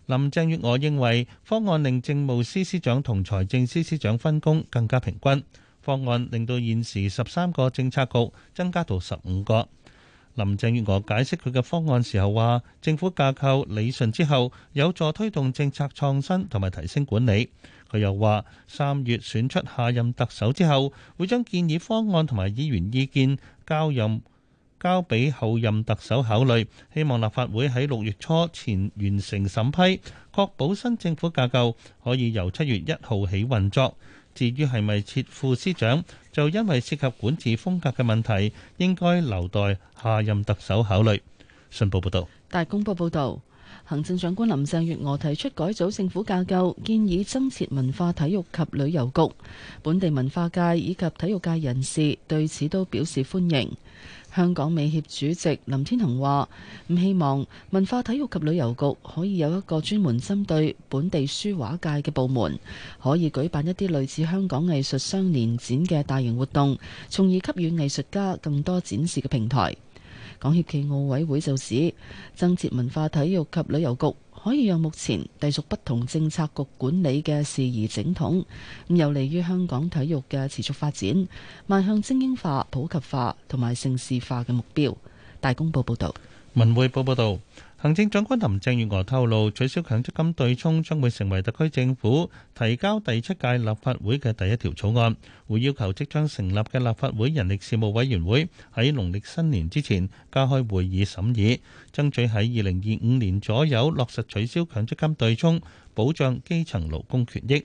林鄭月娥認為方案令政務司司長同財政司司長分工更加平均。方案令到現時十三個政策局增加到十五個。林鄭月娥解釋佢嘅方案時候話：政府架構理順之後，有助推動政策創新同埋提升管理。佢又話：三月選出下任特首之後，會將建議方案同埋議員意見交任交俾後任特首考慮。希望立法會喺六月初前完成審批，確保新政府架構可以由七月一號起運作。至於係咪設副司長，就因為涉及管治風格嘅問題，應該留待下任特首考慮。信報報道，大公報報道。行政長官林鄭月娥提出改組政府架構建議，增設文化、體育及旅遊局。本地文化界以及體育界人士對此都表示歡迎。香港美協主席林天行話：唔希望文化、體育及旅遊局可以有一個專門針對本地書畫界嘅部門，可以舉辦一啲類似香港藝術雙年展嘅大型活動，從而給予藝術家更多展示嘅平台。港協暨奧委會就指，增設文化體育及旅遊局，可以讓目前隸屬不同政策局管理嘅事宜整統，咁有利於香港體育嘅持續發展，邁向精英化、普及化同埋城市化嘅目標。大公報報導，文匯報報導。行政長官林鄭月娥透露，取消強積金對沖將會成為特區政府提交第七屆立法會嘅第一條草案，會要求即將成立嘅立法會人力事務委員會喺農曆新年之前加開會議審議，爭取喺二零二五年左右落實取消強積金對沖，保障基層勞工權益。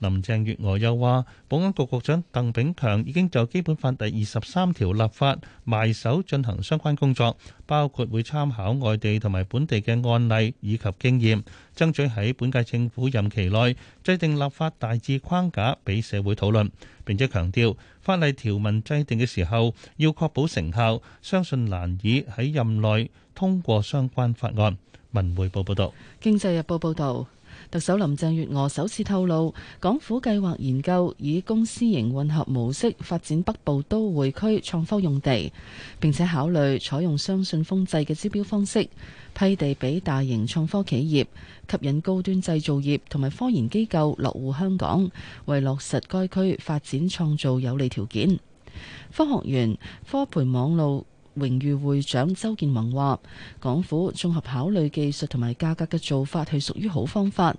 林鄭月娥又話，保安局局長鄧炳強已經就基本法第二十三條立法埋手進行相關工作，包括會參考外地同埋本地嘅案例以及經驗，爭取喺本屆政府任期內制定立法大致框架俾社會討論。並且強調，法例條文制定嘅時候要確保成效，相信難以喺任內通過相關法案。文匯報報導，《經濟日報》報導。特首林鄭月娥首次透露，港府計劃研究以公私營混合模式發展北部都會區創科用地，並且考慮採用雙信封制嘅招標方式批地俾大型創科企業，吸引高端製造業同埋科研機構落戶香港，為落實該區發展創造有利條件。科學園科培網路。榮譽會長周建宏話：港府綜合考慮技術同埋價格嘅做法係屬於好方法，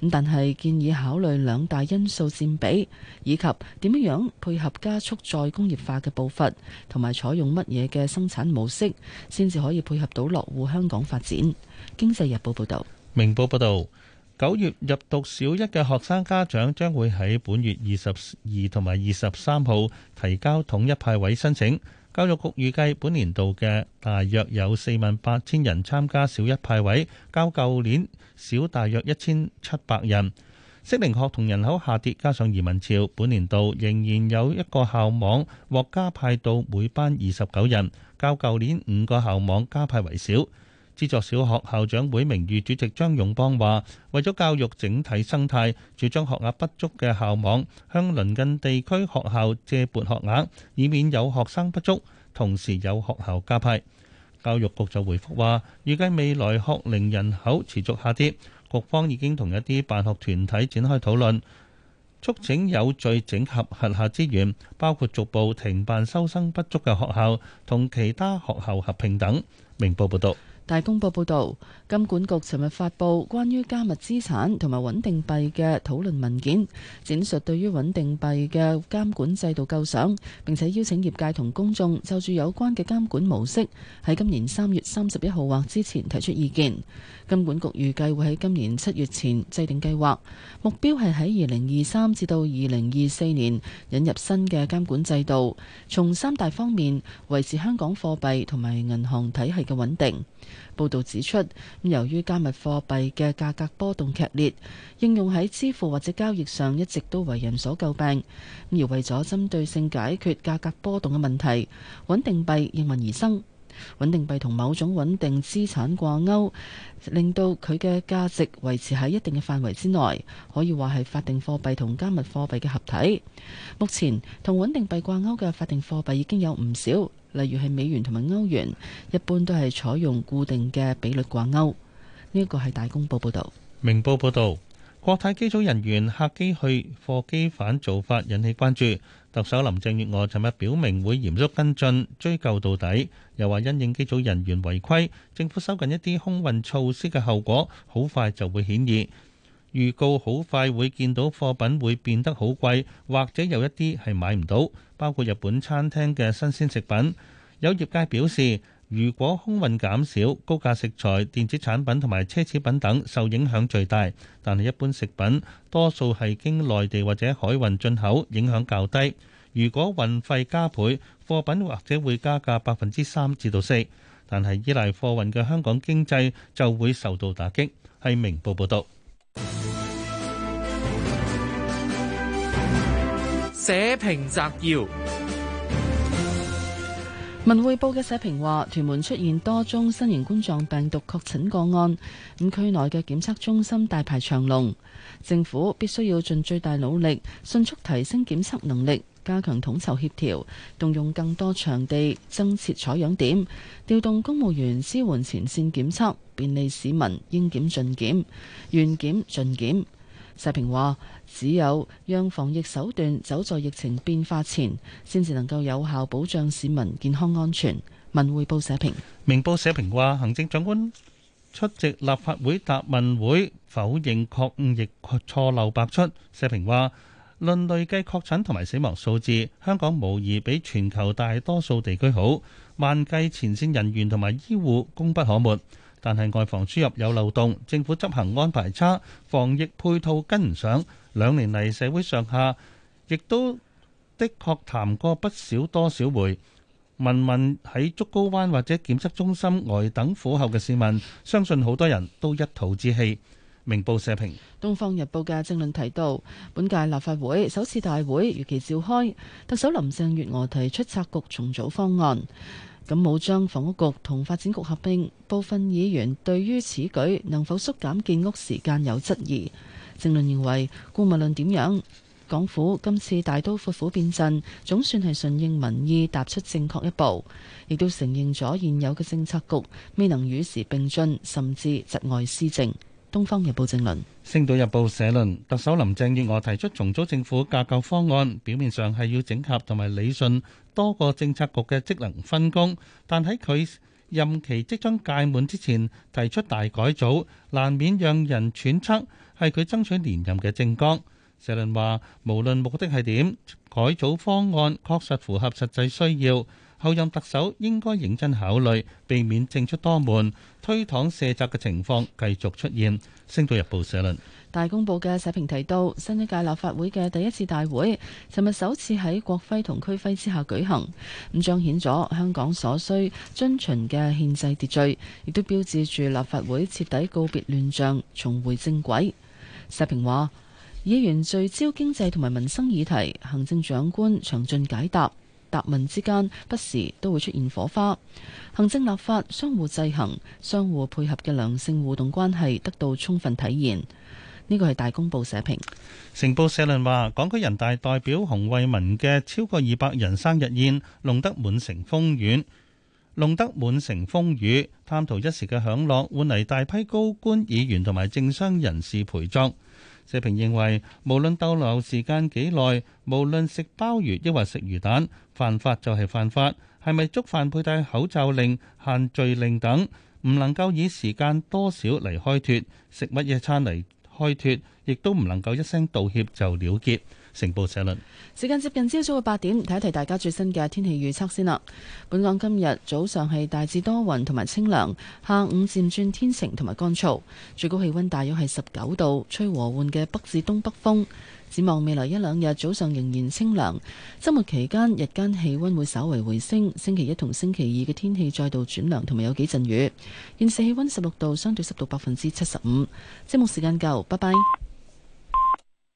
咁但係建議考慮兩大因素占比，以及點樣配合加速再工業化嘅步伐，同埋採用乜嘢嘅生產模式，先至可以配合到落戶香港發展。經濟日報報道，明報報道，九月入讀小一嘅學生家長將會喺本月二十二同埋二十三號提交統一派位申請。教育局預計本年度嘅大約有四萬八千人參加小一派位，較舊年少大約一千七百人。適齡學童人口下跌，加上移民潮，本年度仍然有一個校網獲加派到每班二十九人，較舊年五個校網加派為少。資助小學校長會名譽主席張勇邦話：為咗教育整體生態，主張學額不足嘅校網向鄰近地區學校借撥學額，以免有學生不足，同時有學校加派。教育局就回覆話：預計未來學齡人口持續下跌，局方已經同一啲辦學團體展開討論，促請有序整合轄下資源，包括逐步停辦收生不足嘅學校，同其他學校合併等。明報報道。大公報報導，金管局尋日發布關於加密資產同埋穩定幣嘅討論文件，展述對於穩定幣嘅監管制度構想，並且邀請業界同公眾就住有關嘅監管模式，喺今年三月三十一號或之前提出意見。金管局預計會喺今年七月前制定計劃，目標係喺二零二三至到二零二四年引入新嘅監管制度，從三大方面維持香港貨幣同埋銀行體系嘅穩定。報道指出，由於加密貨幣嘅價格波動劇烈，應用喺支付或者交易上一直都為人所詬病。而為咗針對性解決價格波動嘅問題，穩定幣應運而生。穩定幣同某種穩定資產掛鈎，令到佢嘅價值維持喺一定嘅範圍之內，可以話係法定貨幣同加密貨幣嘅合體。目前同穩定幣掛鈎嘅法定貨幣已經有唔少。例如係美元同埋歐元，一般都係採用固定嘅比率掛鈎。呢一個係大公報報導，明報報導，國泰機組人員客機去貨機返做法引起關注。特首林鄭月娥尋日表明會嚴肅跟進，追究到底。又話因應機組人員違規，政府收緊一啲空運措施嘅後果，好快就會顯現。預告好快會見到貨品會變得好貴，或者有一啲係買唔到，包括日本餐廳嘅新鮮食品。有業界表示，如果空運減少，高價食材、電子產品同埋奢侈品等受影響最大。但係一般食品多數係經內地或者海運進口，影響較低。如果運費加倍，貨品或者會加價百分之三至到四，但係依賴貨運嘅香港經濟就會受到打擊。係明報報道。社評摘要：文匯報嘅社評話，屯門出現多宗新型冠狀病毒確診個案，咁區內嘅檢測中心大排長龍，政府必須要盡最大努力，迅速提升檢測能力，加強統籌協調，動用更多場地，增設採樣點，調動公務員支援前線檢測，便利市民應檢盡檢、願檢盡檢。社評話。只有讓防疫手段走在疫情變化前，先至能夠有效保障市民健康安全。文匯報社評。明報社評話，行政長官出席立法會答問會，否認抗疫錯漏百出。社評話，論累計確診同埋死亡數字，香港無疑比全球大多數地區好。萬計前線人員同埋醫護功不可沒，但係外防輸入有漏洞，政府執行安排差，防疫配套跟唔上。兩年嚟，社會上下亦都的確談過不少多少回。問問喺竹篙灣或者檢測中心外等苦候嘅市民，相信好多人都一肚之氣。明報社評。《東方日報》嘅政論提到，本屆立法會首次大會如期召開，特首林鄭月娥提出拆局重組方案，咁冇將房屋局同發展局合併。部分議員對於此舉能否縮減建屋時間有質疑。政論認為，故無論點樣，港府今次大刀闊斧變陣，總算係順應民意踏出正確一步，亦都承認咗現有嘅政策局未能與時並進，甚至窒礙施政。東方日報政論，星島日報社論，特首林鄭月娥提出重組政府架構方案，表面上係要整合同埋理順多個政策局嘅職能分工，但喺佢任期即將屆滿之前提出大改組，難免讓人揣測。係佢爭取連任嘅政綱。社論話：無論目的係點，改組方案確實符合實際需要。後任特首應該認真考慮，避免政出多門、推搪卸責嘅情況繼續出現。星島日報社論。大公報嘅社評提到，新一屆立法會嘅第一次大會，尋日首次喺國徽同區徽之下舉行，咁彰顯咗香港所需遵循嘅憲制秩序，亦都標誌住立法會徹底告別亂象，重回正軌。社評話，議員聚焦經濟同埋民生議題，行政長官詳盡解答，答問之間不時都會出現火花，行政立法相互制衡、相互配合嘅良性互動關係得到充分體現。呢個係大公報社評。成報社論話，港區人大代表洪為民嘅超過二百人生日宴，弄得滿城風雨。弄得滿城風雨，貪圖一時嘅享樂，換嚟大批高官、議員同埋政商人士陪葬。社評認為，無論逗留時間幾耐，無論食鮑魚抑或食魚蛋，犯法就係犯法。係咪觸犯佩戴口罩令、限聚令等，唔能夠以時間多少嚟開脱，食乜嘢餐嚟開脱，亦都唔能夠一聲道歉就了結。晴報社論。時間接近朝早嘅八點，睇一睇大家最新嘅天氣預測先啦。本港今日早上係大致多雲同埋清涼，下午漸轉天晴同埋乾燥，最高氣温大約係十九度，吹和緩嘅北至東北風。展望未來一兩日早上仍然清涼，周末期間日間氣温會稍為回升，星期一同星期二嘅天氣再度轉涼同埋有幾陣雨。現時氣温十六度，相對濕度百分之七十五。節目時間夠，拜拜。